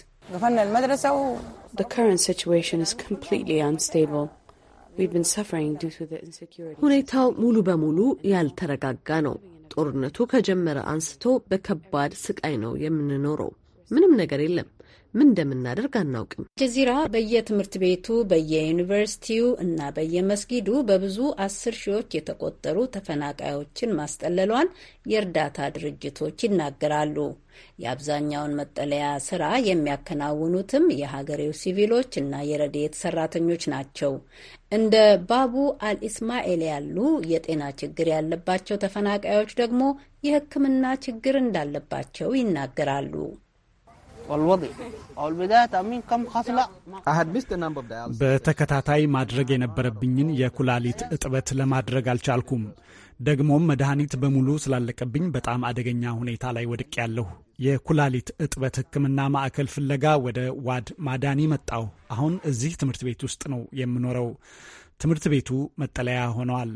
ሁኔታው ሙሉ በሙሉ ያልተረጋጋ ነው። ጦርነቱ ከጀመረ አንስቶ በከባድ ስቃይ ነው የምንኖረው። ምንም ነገር የለም። ምን እንደምናደርግ አናውቅም። ጀዚራ በየትምህርት ቤቱ በየዩኒቨርሲቲው እና በየመስጊዱ በብዙ አስር ሺዎች የተቆጠሩ ተፈናቃዮችን ማስጠለሏን የእርዳታ ድርጅቶች ይናገራሉ። የአብዛኛውን መጠለያ ስራ የሚያከናውኑትም የሀገሬው ሲቪሎች እና የረድኤት ሰራተኞች ናቸው። እንደ ባቡ አልኢስማኤል ያሉ የጤና ችግር ያለባቸው ተፈናቃዮች ደግሞ የሕክምና ችግር እንዳለባቸው ይናገራሉ። በተከታታይ ማድረግ የነበረብኝን የኩላሊት እጥበት ለማድረግ አልቻልኩም። ደግሞም መድኃኒት በሙሉ ስላለቀብኝ በጣም አደገኛ ሁኔታ ላይ ያለሁ የኩላሊት እጥበት ሕክምና ማዕከል ፍለጋ ወደ ዋድ ማዳኒ መጣሁ። አሁን እዚህ ትምህርት ቤት ውስጥ ነው የምኖረው። ትምህርት ቤቱ መጠለያ ሆነዋል።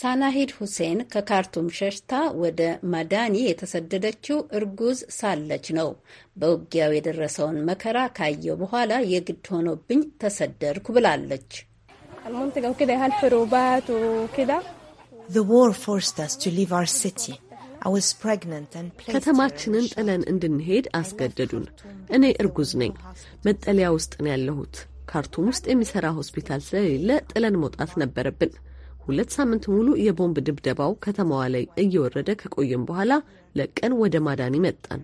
ሳናሂድ ሁሴን ከካርቱም ሸሽታ ወደ ማዳኒ የተሰደደችው እርጉዝ ሳለች ነው። በውጊያው የደረሰውን መከራ ካየው በኋላ የግድ ሆኖብኝ ተሰደድኩ ብላለች። ከተማችንን ጥለን እንድንሄድ አስገደዱን። እኔ እርጉዝ ነኝ። መጠለያ ውስጥ ነው ያለሁት። ካርቱም ውስጥ የሚሰራ ሆስፒታል ስለሌለ ጥለን መውጣት ነበረብን። ሁለት ሳምንት ሙሉ የቦምብ ድብደባው ከተማዋ ላይ እየወረደ ከቆየም በኋላ ለቀን ወደ ማዳን መጣን።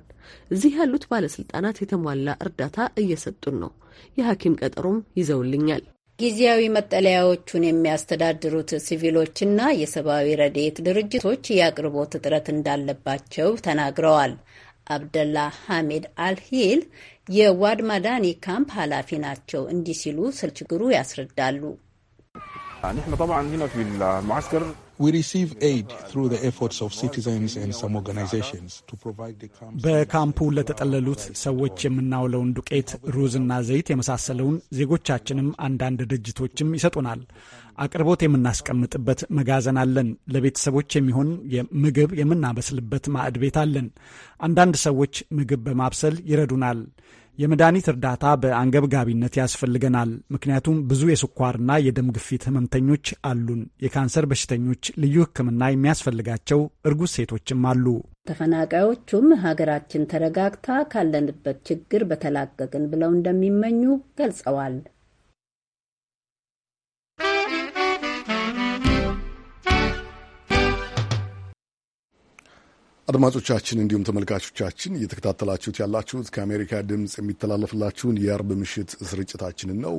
እዚህ ያሉት ባለስልጣናት የተሟላ እርዳታ እየሰጡን ነው። የሐኪም ቀጠሮም ይዘውልኛል። ጊዜያዊ መጠለያዎቹን የሚያስተዳድሩት ሲቪሎችና የሰብአዊ ረድኤት ድርጅቶች የአቅርቦት እጥረት እንዳለባቸው ተናግረዋል። አብደላ ሐሜድ አልሂል የዋድ ማዳኒ ካምፕ ኃላፊ ናቸው። እንዲህ ሲሉ ስልችግሩ ያስረዳሉ። በካምፑ ለተጠለሉት ሰዎች የምናውለውን ዱቄት፣ ሩዝና ዘይት የመሳሰለውን ዜጎቻችንም አንዳንድ ድርጅቶችም ይሰጡናል። አቅርቦት የምናስቀምጥበት መጋዘን አለን። ለቤተሰቦች የሚሆን ምግብ የምናበስልበት ማዕድ ቤት አለን። አንዳንድ ሰዎች ምግብ በማብሰል ይረዱናል። የመድኃኒት እርዳታ በአንገብጋቢነት ያስፈልገናል። ምክንያቱም ብዙ የስኳርና የደም ግፊት ህመምተኞች አሉን። የካንሰር በሽተኞች ልዩ ሕክምና የሚያስፈልጋቸው እርጉዝ ሴቶችም አሉ። ተፈናቃዮቹም ሀገራችን ተረጋግታ ካለንበት ችግር በተላቀቅን ብለው እንደሚመኙ ገልጸዋል። አድማጮቻችን እንዲሁም ተመልካቾቻችን እየተከታተላችሁት ያላችሁት ከአሜሪካ ድምፅ የሚተላለፍላችሁን የአርብ ምሽት ስርጭታችንን ነው።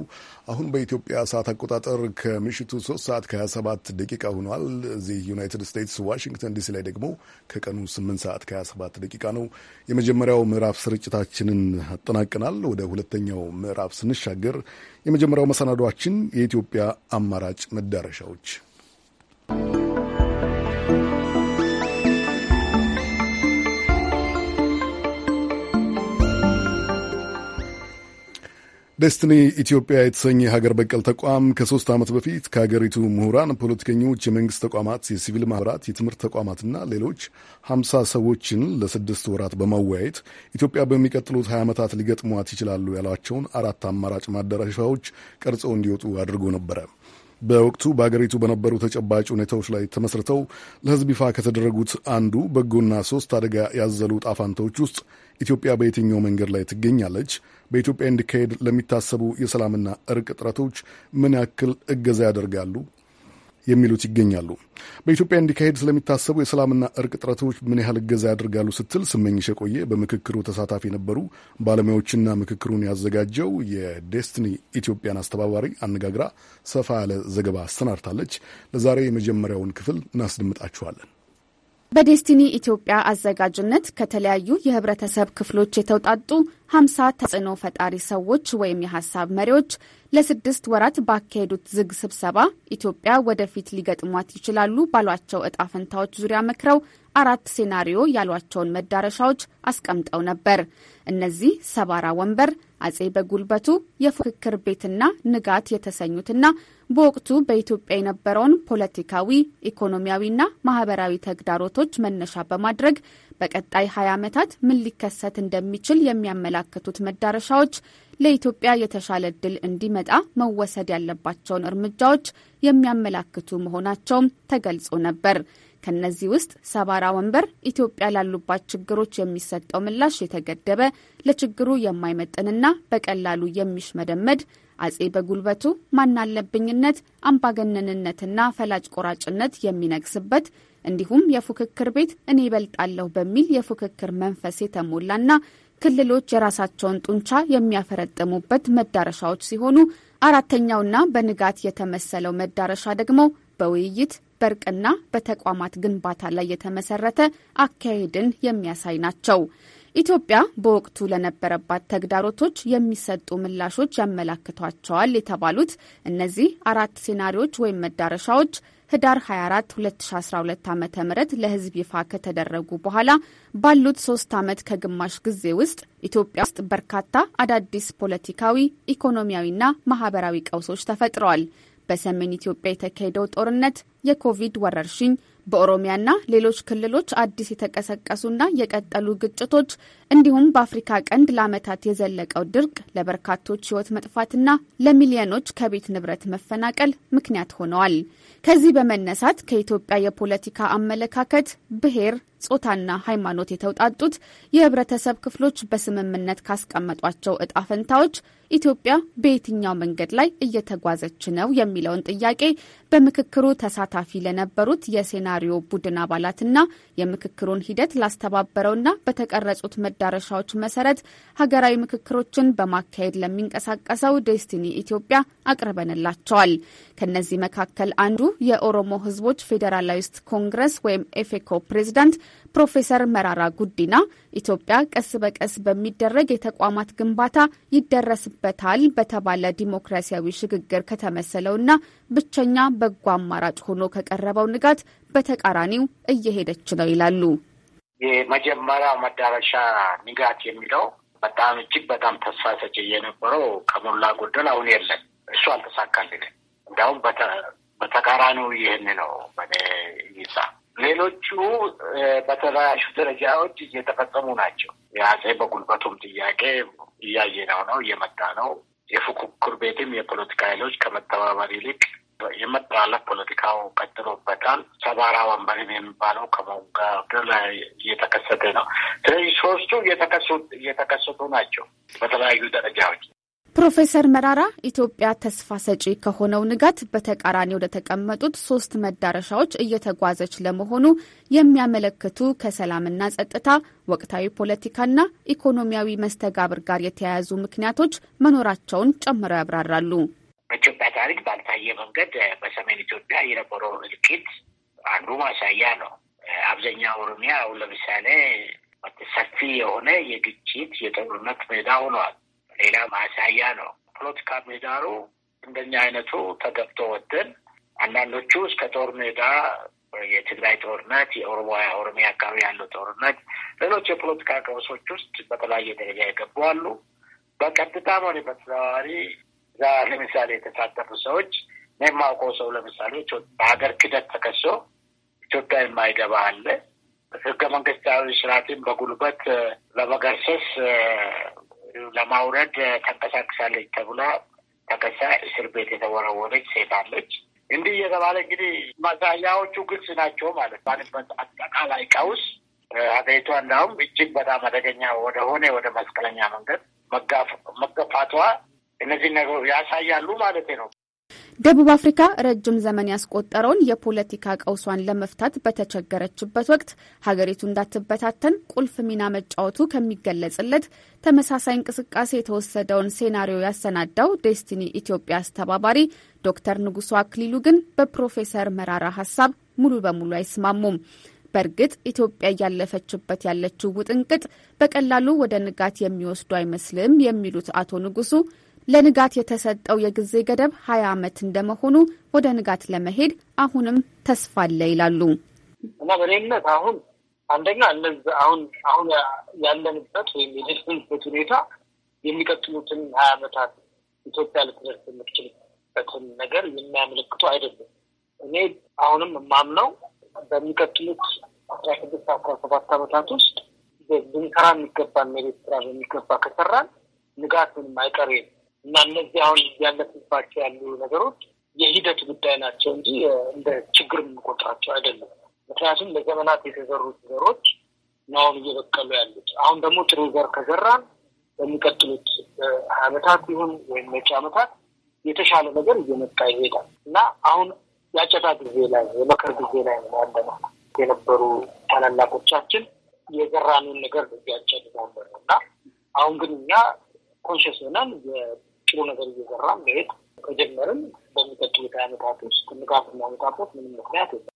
አሁን በኢትዮጵያ ሰዓት አቆጣጠር ከምሽቱ 3 ሰዓት ከ27 ደቂቃ ሆኗል። እዚህ ዩናይትድ ስቴትስ ዋሽንግተን ዲሲ ላይ ደግሞ ከቀኑ 8 ሰዓት ከ27 ደቂቃ ነው። የመጀመሪያው ምዕራፍ ስርጭታችንን አጠናቅናል። ወደ ሁለተኛው ምዕራፍ ስንሻገር የመጀመሪያው መሰናዷችን የኢትዮጵያ አማራጭ መዳረሻዎች ዴስትኒ ኢትዮጵያ የተሰኘ የሀገር በቀል ተቋም ከሶስት ዓመት በፊት ከሀገሪቱ ምሁራን፣ ፖለቲከኞች፣ የመንግስት ተቋማት፣ የሲቪል ማህበራት፣ የትምህርት ተቋማትና ሌሎች ሀምሳ ሰዎችን ለስድስት ወራት በማወያየት ኢትዮጵያ በሚቀጥሉት ሀያ ዓመታት ሊገጥሟት ይችላሉ ያሏቸውን አራት አማራጭ ማዳረሻዎች ቀርጸው እንዲወጡ አድርጎ ነበረ። በወቅቱ በሀገሪቱ በነበሩ ተጨባጭ ሁኔታዎች ላይ ተመስርተው ለሕዝብ ይፋ ከተደረጉት አንዱ በጎና ሶስት አደጋ ያዘሉ ጣፋንታዎች ውስጥ ኢትዮጵያ በየትኛው መንገድ ላይ ትገኛለች? በኢትዮጵያ እንዲካሄድ ለሚታሰቡ የሰላምና እርቅ ጥረቶች ምን ያክል እገዛ ያደርጋሉ? የሚሉት ይገኛሉ። በኢትዮጵያ እንዲካሄድ ስለሚታሰቡ የሰላምና እርቅ ጥረቶች ምን ያህል እገዛ ያደርጋሉ ስትል ስመኝሽ የቆየ በምክክሩ ተሳታፊ የነበሩ ባለሙያዎችና ምክክሩን ያዘጋጀው የዴስትኒ ኢትዮጵያን አስተባባሪ አነጋግራ ሰፋ ያለ ዘገባ አሰናድታለች። ለዛሬ የመጀመሪያውን ክፍል እናስደምጣችኋለን። በዴስቲኒ ኢትዮጵያ አዘጋጅነት ከተለያዩ የህብረተሰብ ክፍሎች የተውጣጡ 50 ተጽዕኖ ፈጣሪ ሰዎች ወይም የሀሳብ መሪዎች ለስድስት ወራት ባካሄዱት ዝግ ስብሰባ ኢትዮጵያ ወደፊት ሊገጥሟት ይችላሉ ባሏቸው እጣ ፈንታዎች ዙሪያ መክረው አራት ሴናሪዮ ያሏቸውን መዳረሻዎች አስቀምጠው ነበር። እነዚህ ሰባራ ወንበር፣ አጼ በጉልበቱ፣ የፉክክር ቤትና ንጋት የተሰኙትና በወቅቱ በኢትዮጵያ የነበረውን ፖለቲካዊ ኢኮኖሚያዊና ማህበራዊ ተግዳሮቶች መነሻ በማድረግ በቀጣይ 20 ዓመታት ምን ሊከሰት እንደሚችል የሚያመላክቱት መዳረሻዎች ለኢትዮጵያ የተሻለ እድል እንዲመጣ መወሰድ ያለባቸውን እርምጃዎች የሚያመላክቱ መሆናቸውም ተገልጾ ነበር። ከነዚህ ውስጥ ሰባራ ወንበር ኢትዮጵያ ላሉባት ችግሮች የሚሰጠው ምላሽ የተገደበ ለችግሩ የማይመጥንና በቀላሉ የሚሽመደመድ አጼ በጉልበቱ ማናለብኝነት፣ አምባገነንነትና ፈላጭ ቆራጭነት የሚነግስበት እንዲሁም የፉክክር ቤት እኔ ይበልጣለሁ በሚል የፉክክር መንፈስ የተሞላና ክልሎች የራሳቸውን ጡንቻ የሚያፈረጥሙበት መዳረሻዎች ሲሆኑ አራተኛውና በንጋት የተመሰለው መዳረሻ ደግሞ በውይይት በእርቅና በተቋማት ግንባታ ላይ የተመሰረተ አካሄድን የሚያሳይ ናቸው። ኢትዮጵያ በወቅቱ ለነበረባት ተግዳሮቶች የሚሰጡ ምላሾች ያመላክቷቸዋል የተባሉት እነዚህ አራት ሴናሪዎች ወይም መዳረሻዎች ህዳር 24 2012 ዓ ም ለህዝብ ይፋ ከተደረጉ በኋላ ባሉት ሶስት ዓመት ከግማሽ ጊዜ ውስጥ ኢትዮጵያ ውስጥ በርካታ አዳዲስ ፖለቲካዊ፣ ኢኮኖሚያዊና ማህበራዊ ቀውሶች ተፈጥረዋል። በሰሜን ኢትዮጵያ የተካሄደው ጦርነት፣ የኮቪድ ወረርሽኝ፣ በኦሮሚያና ሌሎች ክልሎች አዲስ የተቀሰቀሱና የቀጠሉ ግጭቶች እንዲሁም በአፍሪካ ቀንድ ለዓመታት የዘለቀው ድርቅ ለበርካቶች ሕይወት መጥፋትና ለሚሊዮኖች ከቤት ንብረት መፈናቀል ምክንያት ሆነዋል። ከዚህ በመነሳት ከኢትዮጵያ የፖለቲካ አመለካከት ብሔር ጾታና ሃይማኖት የተውጣጡት የህብረተሰብ ክፍሎች በስምምነት ካስቀመጧቸው እጣ ፈንታዎች ኢትዮጵያ በየትኛው መንገድ ላይ እየተጓዘች ነው የሚለውን ጥያቄ በምክክሩ ተሳታፊ ለነበሩት የሴናሪዮ ቡድን አባላትና የምክክሩን ሂደት ላስተባበረውና በተቀረጹት መዳረሻዎች መሰረት ሀገራዊ ምክክሮችን በማካሄድ ለሚንቀሳቀሰው ዴስቲኒ ኢትዮጵያ አቅርበንላቸዋል። ከነዚህ መካከል አንዱ የኦሮሞ ህዝቦች ፌዴራላዊስት ኮንግረስ ወይም ኤፌኮ ፕሬዚዳንት ፕሮፌሰር መራራ ጉዲና ኢትዮጵያ ቀስ በቀስ በሚደረግ የተቋማት ግንባታ ይደረስበታል በተባለ ዲሞክራሲያዊ ሽግግር ከተመሰለውና ብቸኛ በጎ አማራጭ ሆኖ ከቀረበው ንጋት በተቃራኒው እየሄደች ነው ይላሉ። የመጀመሪያው መዳረሻ ንጋት የሚለው በጣም እጅግ በጣም ተስፋ ሰጪ የነበረው ከሞላ ጎደል አሁን የለን። እሱ አልተሳካልንም። እንዲያውም በተቃራኒው ይህን ነው ይዛ ሌሎቹ በተለያዩ ደረጃዎች እየተፈጸሙ ናቸው። የአጼ በጉልበቱም ጥያቄ እያየነው ነው፣ እየመጣ ነው። የፉክክር ቤትም የፖለቲካ ኃይሎች ከመተባበር ይልቅ የመጠላለፍ ፖለቲካው ቀጥሎበታል። ሰባራ ወንበርም የሚባለው ከመውጋገር ላይ እየተከሰተ ነው። ስለዚህ ሶስቱ እየተከሰቱ ናቸው በተለያዩ ደረጃዎች ፕሮፌሰር መራራ ኢትዮጵያ ተስፋ ሰጪ ከሆነው ንጋት በተቃራኒ ወደ ተቀመጡት ሶስት መዳረሻዎች እየተጓዘች ለመሆኑ የሚያመለክቱ ከሰላምና ጸጥታ፣ ወቅታዊ ፖለቲካና ኢኮኖሚያዊ መስተጋብር ጋር የተያያዙ ምክንያቶች መኖራቸውን ጨምረው ያብራራሉ። በኢትዮጵያ ታሪክ ባልታየ መንገድ በሰሜን ኢትዮጵያ የነበረው እልቂት አንዱ ማሳያ ነው። አብዛኛው ኦሮሚያ አሁን ለምሳሌ ሰፊ የሆነ የግጭት የጦርነት ሜዳ ሆኗል። ሌላ ማሳያ ነው። ፖለቲካ ምህዳሩ እንደኛ አይነቱ ተገብቶ ወጥን አንዳንዶቹ እስከ ጦር ሜዳ የትግራይ ጦርነት፣ የኦሮሞ ኦሮሚያ አካባቢ ያለው ጦርነት፣ ሌሎች የፖለቲካ ቀውሶች ውስጥ በተለያየ ደረጃ የገቡ አሉ። በቀጥታም ሆነ በተዘዋዋሪ እዛ ለምሳሌ የተሳተፉ ሰዎች የማውቀው ሰው ለምሳሌ በሀገር ክደት ተከሶ ኢትዮጵያ የማይገባ አለ። ህገ መንግስታዊ ስርዓትን በጉልበት ለመገርሰስ ለማውረድ ተንቀሳቅሳለች ተብላ ተከሳ እስር ቤት የተወረወረች ሴት አለች። እንዲህ እየተባለ እንግዲህ ማሳያዎቹ ግልጽ ናቸው ማለት ማኔጅመንት አጠቃላይ ቀውስ ሀገሪቷ እንዳውም እጅግ በጣም አደገኛ ሆነ ወደ መስቀለኛ መንገድ መገፋቷ እነዚህ ነገሮች ያሳያሉ ማለት ነው። ደቡብ አፍሪካ ረጅም ዘመን ያስቆጠረውን የፖለቲካ ቀውሷን ለመፍታት በተቸገረችበት ወቅት ሀገሪቱ እንዳትበታተን ቁልፍ ሚና መጫወቱ ከሚገለጽለት ተመሳሳይ እንቅስቃሴ የተወሰደውን ሴናሪዮ ያሰናዳው ዴስቲኒ ኢትዮጵያ አስተባባሪ ዶክተር ንጉሱ አክሊሉ ግን በፕሮፌሰር መራራ ሀሳብ ሙሉ በሙሉ አይስማሙም። በእርግጥ ኢትዮጵያ እያለፈችበት ያለችው ውጥንቅጥ በቀላሉ ወደ ንጋት የሚወስዱ አይመስልም የሚሉት አቶ ንጉሱ ለንጋት የተሰጠው የጊዜ ገደብ 20 ዓመት እንደመሆኑ ወደ ንጋት ለመሄድ አሁንም ተስፋ አለ ይላሉ። እና በእኔነት አሁን አንደኛ እነዚህ አሁን አሁን ያለንበት ወይም የደረስንበት ሁኔታ የሚቀጥሉትን ሀያ ዓመታት ኢትዮጵያ ልትደርስ የምትችልበትን ነገር የሚያመለክቱ አይደለም። እኔ አሁንም የማምነው በሚቀጥሉት አስራ ስድስት አስራ ሰባት ዓመታት ውስጥ ብንሰራ የሚገባን የቤት ስራ በሚገባ ከሰራን ንጋት ምንም አይቀር እና እነዚህ አሁን ያለፍንባቸው ያሉ ነገሮች የሂደት ጉዳይ ናቸው እንጂ እንደ ችግር የምንቆጥራቸው አይደለም። ምክንያቱም ለዘመናት የተዘሩት ዘሮች ነው አሁን እየበቀሉ ያሉት። አሁን ደግሞ ጥሩ ዘር ከዘራን በሚቀጥሉት ዓመታት ይሁን ወይም መጪ ዓመታት የተሻለ ነገር እየመጣ ይሄዳል እና አሁን የአጨዳ ጊዜ ላይ የመከር ጊዜ ላይ ያለ ነው የነበሩ ታላላቆቻችን የዘራኑን ነገር እያጨዱ ነበር እና አሁን ግን እኛ ኮንሽስ ሆነን ጥሩ ነገር እየሰራ መሄድ ከጀመርን በሚቀጥሉት ዓመታት ውስጥ ንቃትና መጣፎት ምንም ምክንያት የለም።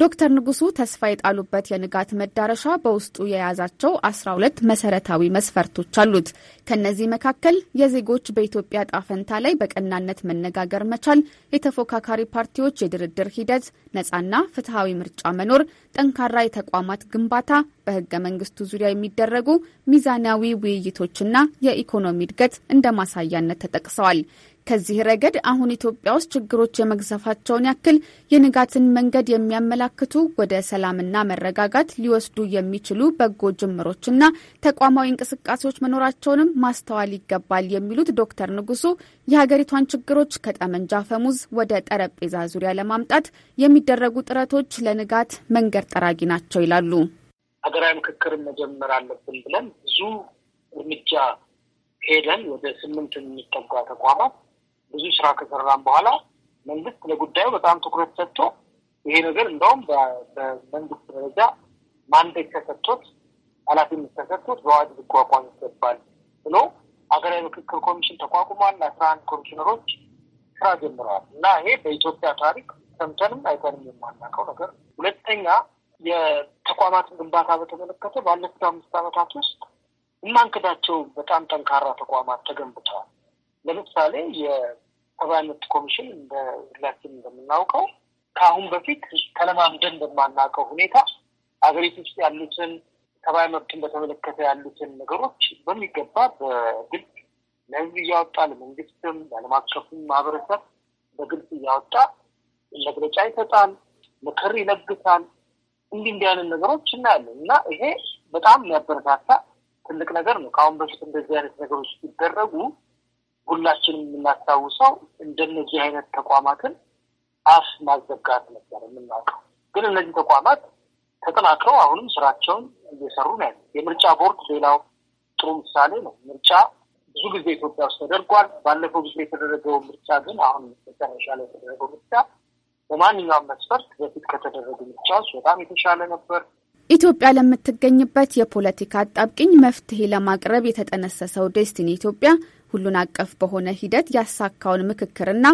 ዶክተር ንጉሱ ተስፋ የጣሉበት የንጋት መዳረሻ በውስጡ የያዛቸው 12 መሰረታዊ መስፈርቶች አሉት። ከነዚህ መካከል የዜጎች በኢትዮጵያ ጣፈንታ ላይ በቀናነት መነጋገር መቻል፣ የተፎካካሪ ፓርቲዎች የድርድር ሂደት፣ ነጻና ፍትሐዊ ምርጫ መኖር፣ ጠንካራ የተቋማት ግንባታ፣ በህገ መንግስቱ ዙሪያ የሚደረጉ ሚዛናዊ ውይይቶችና የኢኮኖሚ እድገት እንደ ማሳያነት ተጠቅሰዋል። ከዚህ ረገድ አሁን ኢትዮጵያ ውስጥ ችግሮች የመግዘፋቸውን ያክል የንጋትን መንገድ የሚያመላክቱ ወደ ሰላምና መረጋጋት ሊወስዱ የሚችሉ በጎ ጅምሮችና ተቋማዊ እንቅስቃሴዎች መኖራቸውንም ማስተዋል ይገባል የሚሉት ዶክተር ንጉሱ የሀገሪቷን ችግሮች ከጠመንጃ ፈሙዝ ወደ ጠረጴዛ ዙሪያ ለማምጣት የሚደረጉ ጥረቶች ለንጋት መንገድ ጠራጊ ናቸው ይላሉ። ሀገራዊ ምክክር መጀመር አለብን ብለን ብዙ እርምጃ ሄደን ወደ ስምንት የሚጠጓ ተቋማት ብዙ ስራ ከሰራን በኋላ መንግስት ለጉዳዩ በጣም ትኩረት ሰጥቶ ይሄ ነገር እንደውም በመንግስት ደረጃ ማንዴት ተሰጥቶት ኃላፊነት ተሰጥቶት በአዋጅ ሊቋቋም ይገባል ብሎ ሀገራዊ ምክክር ኮሚሽን ተቋቁሟል። አስራ አንድ ኮሚሽነሮች ስራ ጀምረዋል እና ይሄ በኢትዮጵያ ታሪክ ሰምተንም አይተንም የማናውቀው ነገር። ሁለተኛ የተቋማትን ግንባታ በተመለከተ ባለፉት አምስት ዓመታት ውስጥ የማንክዳቸው በጣም ጠንካራ ተቋማት ተገንብተዋል። ለምሳሌ የሰብአዊ መብት ኮሚሽን ሁላችን እንደምናውቀው ከአሁን በፊት ተለማምደን እንደማናውቀው ሁኔታ ሀገሪቱ ውስጥ ያሉትን ሰብአዊ መብትን በተመለከተ ያሉትን ነገሮች በሚገባ በግልጽ ለህዝብ እያወጣ ለመንግስትም ለዓለም አቀፉም ማህበረሰብ በግልጽ እያወጣ መግለጫ ይሰጣል፣ ምክር ይለግሳል። እንዲህ እንዲህ አይነት ነገሮች እናያለን እና ይሄ በጣም የሚያበረታታ ትልቅ ነገር ነው። ከአሁን በፊት እንደዚህ አይነት ነገሮች ሲደረጉ ሁላችንም የምናስታውሰው እንደነዚህ አይነት ተቋማትን አፍ ማዘጋት ነበር የምናውቀው። ግን እነዚህ ተቋማት ተጠናክረው አሁንም ስራቸውን እየሰሩ ነው ያለ። የምርጫ ቦርድ ሌላው ጥሩ ምሳሌ ነው። ምርጫ ብዙ ጊዜ ኢትዮጵያ ውስጥ ተደርጓል። ባለፈው ጊዜ የተደረገው ምርጫ ግን አሁን መጨረሻ ላይ የተደረገው ምርጫ በማንኛውም መስፈርት በፊት ከተደረጉ ውስጥ በጣም የተሻለ ነበር። ኢትዮጵያ ለምትገኝበት የፖለቲካ አጣብቅኝ መፍትሄ ለማቅረብ የተጠነሰሰው ዴስቲኒ ኢትዮጵያ ሁሉን አቀፍ በሆነ ሂደት ያሳካውን ምክክርና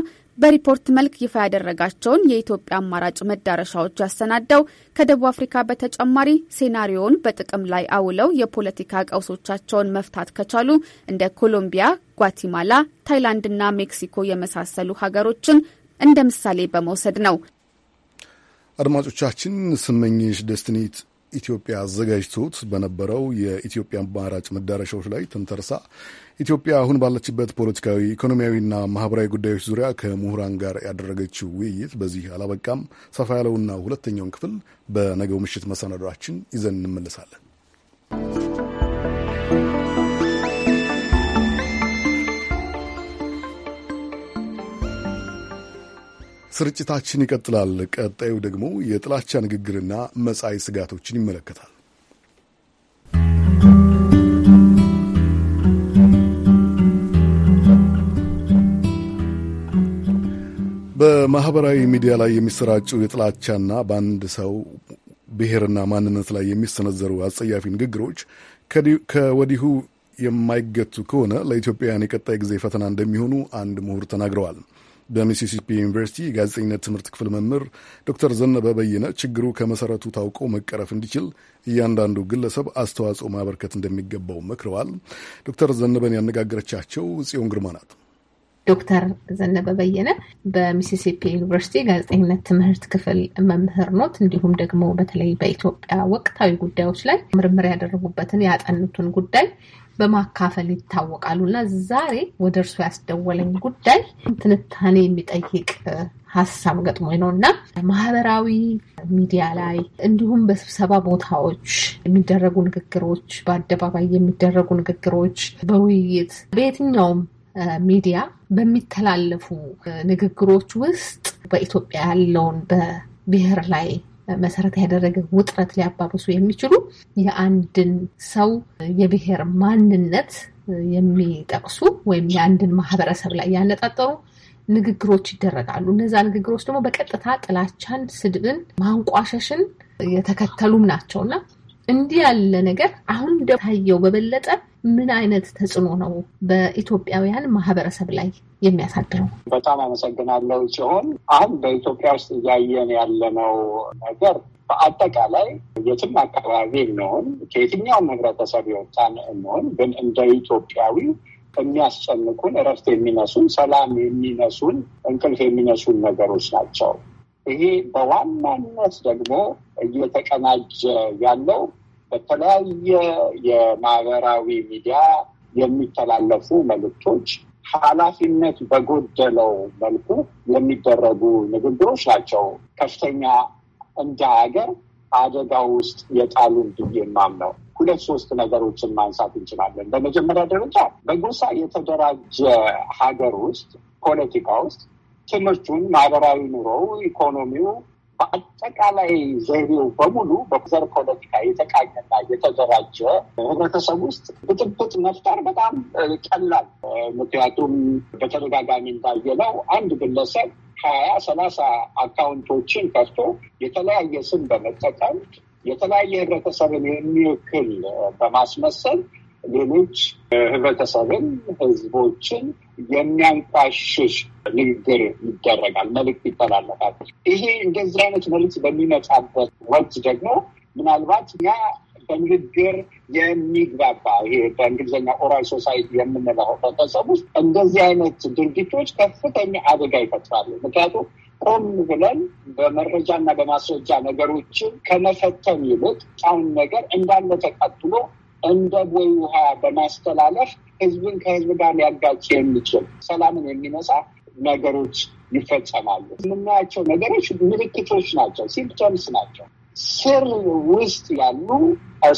በሪፖርት መልክ ይፋ ያደረጋቸውን የኢትዮጵያ አማራጭ መዳረሻዎች ያሰናዳው ከደቡብ አፍሪካ በተጨማሪ ሴናሪዮውን በጥቅም ላይ አውለው የፖለቲካ ቀውሶቻቸውን መፍታት ከቻሉ እንደ ኮሎምቢያ፣ ጓቲማላ፣ ታይላንድና ሜክሲኮ የመሳሰሉ ሀገሮችን እንደ ምሳሌ በመውሰድ ነው። አድማጮቻችን ስመኝሽ ደስትኒት ኢትዮጵያ አዘጋጅቶት በነበረው የኢትዮጵያ አማራጭ መዳረሻዎች ላይ ተንተርሳ ኢትዮጵያ አሁን ባለችበት ፖለቲካዊ፣ ኢኮኖሚያዊና ማህበራዊ ጉዳዮች ዙሪያ ከምሁራን ጋር ያደረገችው ውይይት በዚህ አላበቃም። ሰፋ ያለውና ሁለተኛውን ክፍል በነገው ምሽት መሰናዷችን ይዘን እንመለሳለን። ስርጭታችን ይቀጥላል። ቀጣዩ ደግሞ የጥላቻ ንግግርና መጻኢ ስጋቶችን ይመለከታል። በማህበራዊ ሚዲያ ላይ የሚሰራጩ የጥላቻና በአንድ ሰው ብሔርና ማንነት ላይ የሚሰነዘሩ አጸያፊ ንግግሮች ከወዲሁ የማይገቱ ከሆነ ለኢትዮጵያውያን የቀጣይ ጊዜ ፈተና እንደሚሆኑ አንድ ምሁር ተናግረዋል። በሚሲሲፒ ዩኒቨርሲቲ የጋዜጠኝነት ትምህርት ክፍል መምህር ዶክተር ዘነበ በየነ ችግሩ ከመሰረቱ ታውቆ መቀረፍ እንዲችል እያንዳንዱ ግለሰብ አስተዋጽኦ ማበርከት እንደሚገባው መክረዋል። ዶክተር ዘነበን ያነጋገረቻቸው ጽዮን ግርማ ናት። ዶክተር ዘነበ በየነ በሚሲሲፒ ዩኒቨርሲቲ ጋዜጠኝነት ትምህርት ክፍል መምህር ኖት። እንዲሁም ደግሞ በተለይ በኢትዮጵያ ወቅታዊ ጉዳዮች ላይ ምርምር ያደረጉበትን ያጠኑትን ጉዳይ በማካፈል ይታወቃሉ እና ዛሬ ወደ እርሱ ያስደወለኝ ጉዳይ ትንታኔ የሚጠይቅ ሀሳብ ገጥሞ ነው እና ማህበራዊ ሚዲያ ላይ እንዲሁም በስብሰባ ቦታዎች የሚደረጉ ንግግሮች፣ በአደባባይ የሚደረጉ ንግግሮች፣ በውይይት በየትኛውም ሚዲያ በሚተላለፉ ንግግሮች ውስጥ በኢትዮጵያ ያለውን በብሔር ላይ መሰረት ያደረገ ውጥረት ሊያባብሱ የሚችሉ የአንድን ሰው የብሔር ማንነት የሚጠቅሱ ወይም የአንድን ማህበረሰብ ላይ ያነጣጠሩ ንግግሮች ይደረጋሉ። እነዛ ንግግሮች ደግሞ በቀጥታ ጥላቻን፣ ስድብን፣ ማንቋሸሽን የተከተሉም እና እንዲህ ያለ ነገር አሁን እንደታየው በበለጠ ምን አይነት ተጽዕኖ ነው በኢትዮጵያውያን ማህበረሰብ ላይ የሚያሳድረው? በጣም አመሰግናለሁ ሲሆን አሁን በኢትዮጵያ ውስጥ እያየን ያለነው ነገር በአጠቃላይ የትም አካባቢ እንሆን ከየትኛውም ህብረተሰብ የወጣን እንሆን ግን እንደ ኢትዮጵያዊ የሚያስጨንቁን እረፍት የሚነሱን፣ ሰላም የሚነሱን፣ እንቅልፍ የሚነሱን ነገሮች ናቸው። ይሄ በዋናነት ደግሞ እየተቀናጀ ያለው በተለያየ የማህበራዊ ሚዲያ የሚተላለፉ መልእክቶች ኃላፊነት በጎደለው መልኩ የሚደረጉ ንግግሮች ናቸው ከፍተኛ እንደ ሀገር አደጋ ውስጥ የጣሉን ብዬ የማምነው። ሁለት ሶስት ነገሮችን ማንሳት እንችላለን። በመጀመሪያ ደረጃ በጎሳ የተደራጀ ሀገር ውስጥ ፖለቲካ ውስጥ ትምህርቱን፣ ማህበራዊ ኑሮው፣ ኢኮኖሚው በአጠቃላይ ዘይቤው በሙሉ በዘር ፖለቲካ የተቃኘና የተደራጀ ህብረተሰብ ውስጥ ብጥብጥ መፍጠር በጣም ቀላል። ምክንያቱም በተደጋጋሚ እንዳየነው አንድ ግለሰብ ሀያ ሰላሳ አካውንቶችን ከፍቶ የተለያየ ስም በመጠቀም የተለያየ ህብረተሰብን የሚወክል በማስመሰል ሌሎች ህብረተሰብን፣ ህዝቦችን የሚያንቋሽሽ ንግግር ይደረጋል፣ መልዕክት ይተላለፋል። ይሄ እንደዚህ አይነት መልዕክት በሚመጣበት ወቅት ደግሞ ምናልባት ያ በንግግር የሚግባባ ይሄ በእንግሊዝኛ ኦራል ሶሳይቲ የምንለው ህብረተሰብ ውስጥ እንደዚህ አይነት ድርጊቶች ከፍተኛ አደጋ ይፈጥራሉ። ምክንያቱም ቆም ብለን በመረጃና በማስረጃ ነገሮችን ከመፈተን ይልቅ ጫውን ነገር እንዳለ ተቀጥሎ እንደ ቦይ ውሃ በማስተላለፍ ህዝብን ከህዝብ ጋር ሊያጋጭ የሚችል ሰላምን የሚነሳ ነገሮች ይፈጸማሉ። የምናያቸው ነገሮች ምልክቶች ናቸው፣ ሲምፕቶምስ ናቸው። ስር ውስጥ ያሉ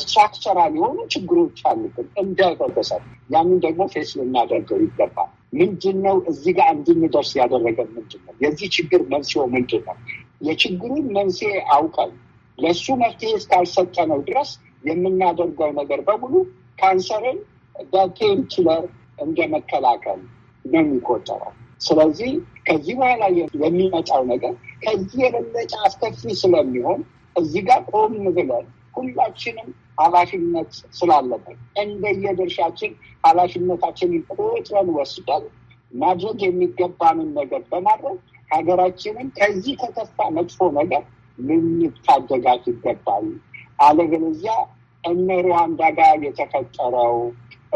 ስትራክቸራል የሆኑ ችግሮች አሉብን እንዳይፈበሰል። ያንን ደግሞ ፌስ ልናደርገው ይገባል። ምንድን ነው እዚህ ጋር እንድንደርስ ያደረገ ምንድን ነው? የዚህ ችግር መንስኤው ምንድን ነው? የችግሩን መንስኤ አውቀን ለእሱ መፍትሄ እስካልሰጠነው ድረስ የምናደርገው ነገር በሙሉ ካንሰርን በፔን ኪለር እንደመከላከል ነው የሚቆጠረው። ስለዚህ ከዚህ በኋላ የሚመጣው ነገር ከዚህ የበለጠ አስከፊ ስለሚሆን እዚህ ጋር ቆም ብለን ሁላችንም ኃላፊነት ስላለብን እንደየድርሻችን ኃላፊነታችንን ቆጥረን ወስደን ማድረግ የሚገባንን ነገር በማድረግ ሀገራችንን ከዚህ ከከፋ መጥፎ ነገር ልንታደጋት ይገባል። አለበለዚያ እነ ሩዋንዳ ጋር የተፈጠረው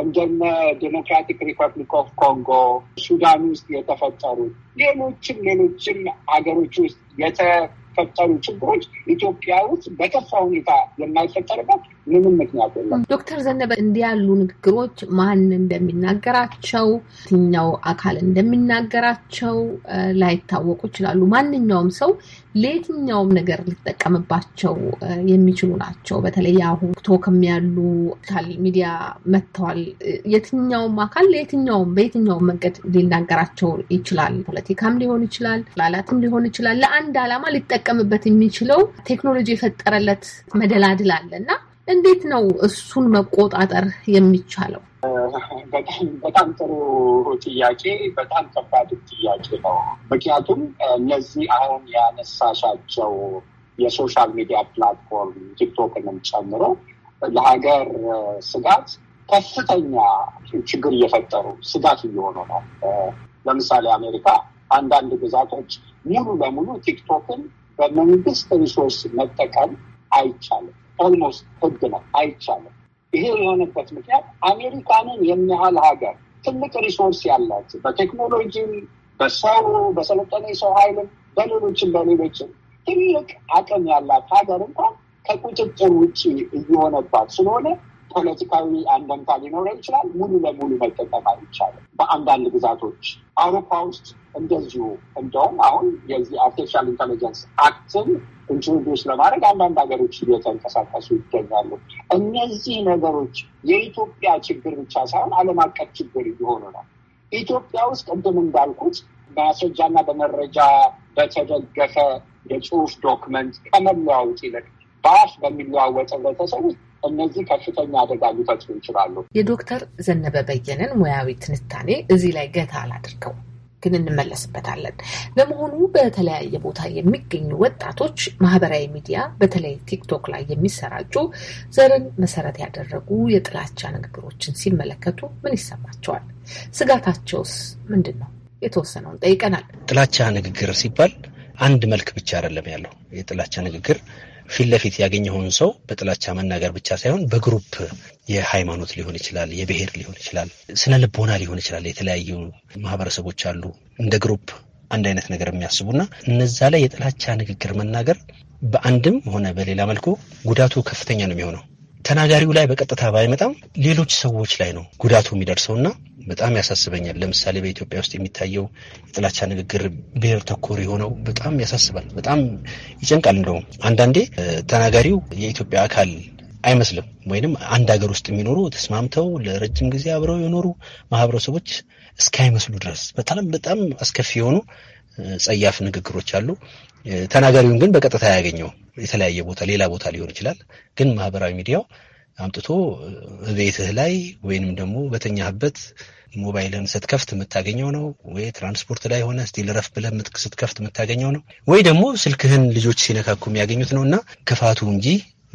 እንደነ ዴሞክራቲክ ሪፐብሊክ ኦፍ ኮንጎ፣ ሱዳን ውስጥ የተፈጠሩት ሌሎችም ሌሎችም ሀገሮች ውስጥ የተፈጠሩ ችግሮች ኢትዮጵያ ውስጥ በከፋ ሁኔታ የማይፈጠርበት ምንም ምክንያት የለም። ዶክተር ዘነበ እንዲህ ያሉ ንግግሮች ማን እንደሚናገራቸው የትኛው አካል እንደሚናገራቸው ላይታወቁ ይችላሉ። ማንኛውም ሰው ለየትኛውም ነገር ሊጠቀምባቸው የሚችሉ ናቸው። በተለይ የአሁን ቲክቶክም ያሉ ታል ሚዲያ መጥተዋል። የትኛውም አካል ለየትኛውም በየትኛውም መንገድ ሊናገራቸው ይችላል። ፖለቲካም ሊሆን ይችላል፣ ላላትም ሊሆን ይችላል። ለአንድ ዓላማ ሊጠቀምበት የሚችለው ቴክኖሎጂ የፈጠረለት መደላድል አለ እና እንዴት ነው እሱን መቆጣጠር የሚቻለው? በጣም ጥሩ ጥያቄ፣ በጣም ከባድ ጥያቄ ነው። ምክንያቱም እነዚህ አሁን ያነሳሻቸው የሶሻል ሚዲያ ፕላትፎርም ቲክቶክንም ጨምሮ ለሀገር ስጋት ከፍተኛ ችግር እየፈጠሩ ስጋት እየሆኑ ነው። ለምሳሌ አሜሪካ አንዳንድ ግዛቶች ሙሉ ለሙሉ ቲክቶክን በመንግስት ሪሶርስ መጠቀም አይቻልም ኦልሞስት ህግ ነው፣ አይቻልም። ይሄ የሆነበት ምክንያት አሜሪካንን የሚያህል ሀገር ትልቅ ሪሶርስ ያላት በቴክኖሎጂም፣ በሰው በሰለጠነ ሰው ኃይልም፣ በሌሎችም በሌሎችም ትልቅ አቅም ያላት ሀገር እንኳን ከቁጥጥር ውጭ እየሆነባት ስለሆነ ፖለቲካዊ አንደምታ ሊኖረው ይችላል። ሙሉ ለሙሉ መጠቀም አይቻልም። በአንዳንድ ግዛቶች አውሮፓ ውስጥ እንደዚሁ እንደውም አሁን የዚህ አርቲፊሻል ኢንቴሊጀንስ አክትን ኢንትሮዲስ ለማድረግ አንዳንድ ሀገሮች እየተንቀሳቀሱ ይገኛሉ። እነዚህ ነገሮች የኢትዮጵያ ችግር ብቻ ሳይሆን ዓለም አቀፍ ችግር እየሆኑ ነው። ኢትዮጵያ ውስጥ ቅድም እንዳልኩት በማስረጃና በመረጃ በተደገፈ የጽሁፍ ዶክመንት ከመለዋወጥ ይልቅ በአፍ በሚለዋወጥ ህብረተሰብ ውስጥ እነዚህ ከፍተኛ አደጋ ሊፈጥሩ ይችላሉ። የዶክተር ዘነበ በየነን ሙያዊ ትንታኔ እዚህ ላይ ገታ አላድርገው ግን እንመለስበታለን። ለመሆኑ በተለያየ ቦታ የሚገኙ ወጣቶች ማህበራዊ ሚዲያ በተለይ ቲክቶክ ላይ የሚሰራጩ ዘርን መሰረት ያደረጉ የጥላቻ ንግግሮችን ሲመለከቱ ምን ይሰማቸዋል? ስጋታቸውስ ምንድን ነው? የተወሰነውን ጠይቀናል። ጥላቻ ንግግር ሲባል አንድ መልክ ብቻ አይደለም ያለው የጥላቻ ንግግር ፊት ለፊት ያገኘውን ሰው በጥላቻ መናገር ብቻ ሳይሆን በግሩፕ የሃይማኖት ሊሆን ይችላል፣ የብሔር ሊሆን ይችላል፣ ስነ ልቦና ሊሆን ይችላል። የተለያዩ ማህበረሰቦች አሉ እንደ ግሩፕ አንድ አይነት ነገር የሚያስቡና እነዛ ላይ የጥላቻ ንግግር መናገር በአንድም ሆነ በሌላ መልኩ ጉዳቱ ከፍተኛ ነው የሚሆነው። ተናጋሪው ላይ በቀጥታ ባይመጣም ሌሎች ሰዎች ላይ ነው ጉዳቱ የሚደርሰውና በጣም ያሳስበኛል። ለምሳሌ በኢትዮጵያ ውስጥ የሚታየው የጥላቻ ንግግር ብሔር ተኮር የሆነው በጣም ያሳስባል፣ በጣም ይጨንቃል። እንደውም አንዳንዴ ተናጋሪው የኢትዮጵያ አካል አይመስልም። ወይንም አንድ ሀገር ውስጥ የሚኖሩ ተስማምተው ለረጅም ጊዜ አብረው የኖሩ ማህበረሰቦች እስካይመስሉ ድረስ በጣም በጣም አስከፊ የሆኑ ጸያፍ ንግግሮች አሉ። ተናጋሪውን ግን በቀጥታ አያገኘው የተለያየ ቦታ ሌላ ቦታ ሊሆን ይችላል። ግን ማህበራዊ ሚዲያው አምጥቶ ቤትህ ላይ ወይንም ደግሞ በተኛህበት ሞባይልን ስትከፍት የምታገኘው ነው ወይ ትራንስፖርት ላይ ሆነ ስቲል ረፍ ብለህ ስትከፍት የምታገኘው ነው ወይ ደግሞ ስልክህን ልጆች ሲነካኩ የሚያገኙት ነው እና ክፋቱ እንጂ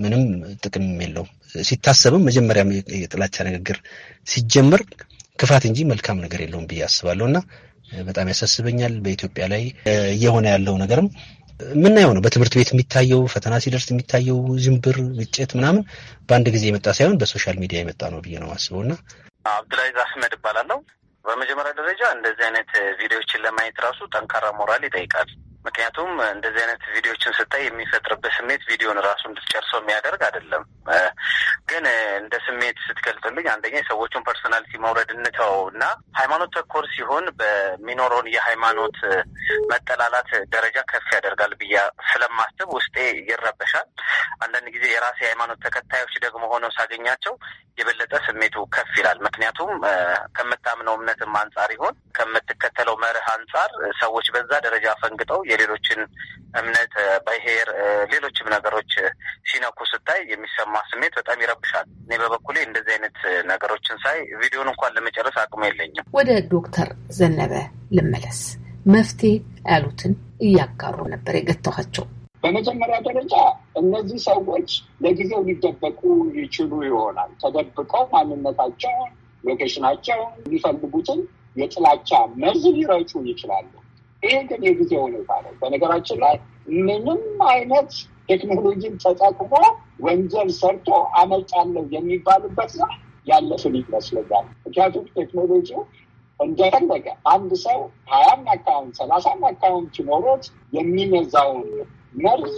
ምንም ጥቅም የለው ሲታሰብም መጀመሪያም የጥላቻ ንግግር ሲጀምር ክፋት እንጂ መልካም ነገር የለውም ብዬ አስባለሁ እና በጣም ያሳስበኛል። በኢትዮጵያ ላይ እየሆነ ያለው ነገርም የምናየው ነው። በትምህርት ቤት የሚታየው ፈተና ሲደርስ የሚታየው ዝንብር፣ ግጭት ምናምን በአንድ ጊዜ የመጣ ሳይሆን በሶሻል ሚዲያ የመጣ ነው ብዬ ነው ማስበው እና አብዱላዚዝ አህመድ እባላለሁ። በመጀመሪያ ደረጃ እንደዚህ አይነት ቪዲዮዎችን ለማየት ራሱ ጠንካራ ሞራል ይጠይቃል። ምክንያቱም እንደዚህ አይነት ቪዲዮዎችን ስታይ የሚፈጥርበት ስሜት ቪዲዮን ራሱ እንድትጨርሰው የሚያደርግ አይደለም። ግን እንደ ስሜት ስትገልጽልኝ አንደኛ የሰዎቹን ፐርሶናሊቲ መውረድ እንተው እና ሃይማኖት ተኮር ሲሆን በሚኖረውን የሃይማኖት መጠላላት ደረጃ ከፍ ያደርጋል ብዬ ስለማስብ ውስጤ ይረበሻል። አንዳንድ ጊዜ የራሴ የሃይማኖት ተከታዮች ደግሞ ሆነው ሳገኛቸው የበለጠ ስሜቱ ከፍ ይላል። ምክንያቱም ከምታምነው እምነትም አንጻር ይሆን ከምትከተለው መርህ አንጻር ሰዎች በዛ ደረጃ ፈንግጠው የሌሎችን እምነት፣ ብሔር፣ ሌሎችም ነገሮች ሲነኩ ስታይ የሚሰማ ስሜት በጣም ይረብሻል። እኔ በበኩሌ እንደዚህ አይነት ነገሮችን ሳይ ቪዲዮን እንኳን ለመጨረስ አቅሙ የለኝም። ወደ ዶክተር ዘነበ ልመለስ። መፍትሄ ያሉትን እያጋሩ ነበር የገጠኋቸው። በመጀመሪያ ደረጃ እነዚህ ሰዎች ለጊዜው ሊደበቁ ይችሉ ይሆናል። ተደብቀው ማንነታቸውን፣ ሎኬሽናቸውን የሚፈልጉትን የጥላቻ መርዝ ሊረጩ ይችላሉ። ይህ ግን የጊዜ ሁኔታ ነው። በነገራችን ላይ ምንም አይነት ቴክኖሎጂን ተጠቅሞ ወንጀል ሰርቶ አመልጣለሁ የሚባልበት ነው ያለፍን ይመስለኛል። ምክንያቱም ቴክኖሎጂ እንደፈለገ አንድ ሰው ሀያም አካውንት ሰላሳም አካውንት ኖሮት የሚነዛውን መርዝ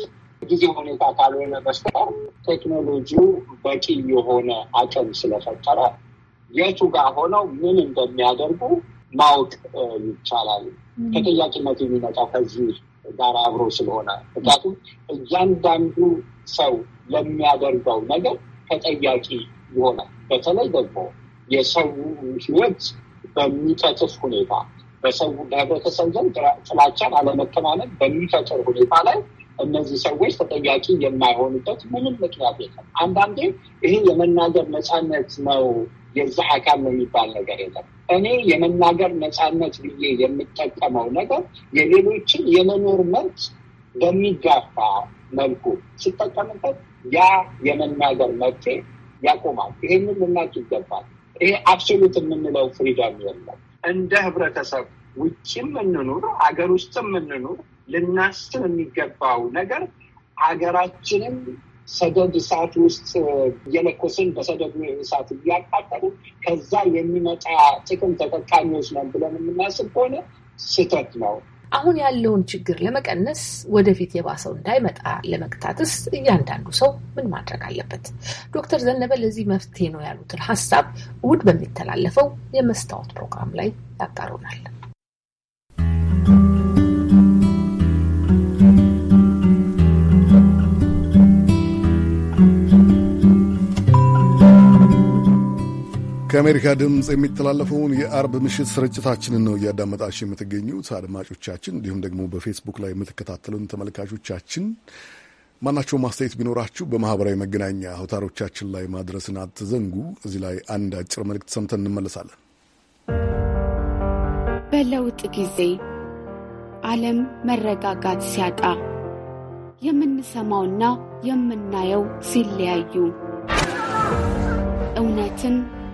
ጊዜ ሁኔታ ካልሆነ በስተቀር ቴክኖሎጂው በቂ የሆነ አቅም ስለፈጠረ የቱ ጋር ሆነው ምን እንደሚያደርጉ ማወቅ ይቻላል። ተጠያቂነት የሚመጣው ከዚህ ጋር አብሮ ስለሆነ ምክንያቱም እያንዳንዱ ሰው ለሚያደርገው ነገር ተጠያቂ ይሆናል። በተለይ ደግሞ የሰው ህይወት በሚቀጥፍ ሁኔታ በሰው በህብረተሰብ ዘንድ ጥላቻን፣ አለመከማመን በሚፈጥር ሁኔታ ላይ እነዚህ ሰዎች ተጠያቂ የማይሆኑበት ምንም ምክንያት የለም። አንዳንዴ ይህ የመናገር ነፃነት ነው የዛ አካል ነው የሚባል ነገር የለም። እኔ የመናገር ነፃነት ብዬ የምጠቀመው ነገር የሌሎችን የመኖር መብት በሚጋፋ መልኩ ስጠቀምበት ያ የመናገር መብቴ ያቆማል። ይሄንን ልናቅ ይገባል። ይሄ አብሶሉት የምንለው ፍሪደም የለም። እንደ ህብረተሰብ ውጭም እንኑር፣ አገር ውስጥም እንኑር ልናስብ የሚገባው ነገር ሀገራችንን ሰደድ እሳት ውስጥ እየለኮስን በሰደድ እሳት እያቃጠሉ ከዛ የሚመጣ ጥቅም ተጠቃሚዎች ነን ብለን የምናስብ ከሆነ ስህተት ነው። አሁን ያለውን ችግር ለመቀነስ ወደፊት የባሰው እንዳይመጣ ለመግታትስ እያንዳንዱ ሰው ምን ማድረግ አለበት? ዶክተር ዘነበ ለዚህ መፍትሄ ነው ያሉትን ሀሳብ እሑድ በሚተላለፈው የመስታወት ፕሮግራም ላይ ያጋሩናል። ከአሜሪካ ድምፅ የሚተላለፈውን የአርብ ምሽት ስርጭታችንን ነው እያዳመጣችሁ የምትገኙት አድማጮቻችን፣ እንዲሁም ደግሞ በፌስቡክ ላይ የምትከታተሉን ተመልካቾቻችን። ማናቸው ማስተያየት ቢኖራችሁ በማህበራዊ መገናኛ አውታሮቻችን ላይ ማድረስን አትዘንጉ። እዚህ ላይ አንድ አጭር መልእክት ሰምተን እንመለሳለን። በለውጥ ጊዜ ዓለም መረጋጋት ሲያጣ የምንሰማውና የምናየው ሲለያዩ እውነትን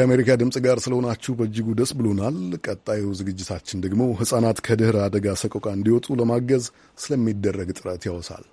ከአሜሪካ ድምፅ ጋር ስለሆናችሁ በእጅጉ ደስ ብሎናል። ቀጣዩ ዝግጅታችን ደግሞ ሕፃናት ከድህረ አደጋ ሰቆቃ እንዲወጡ ለማገዝ ስለሚደረግ ጥረት ያወሳል።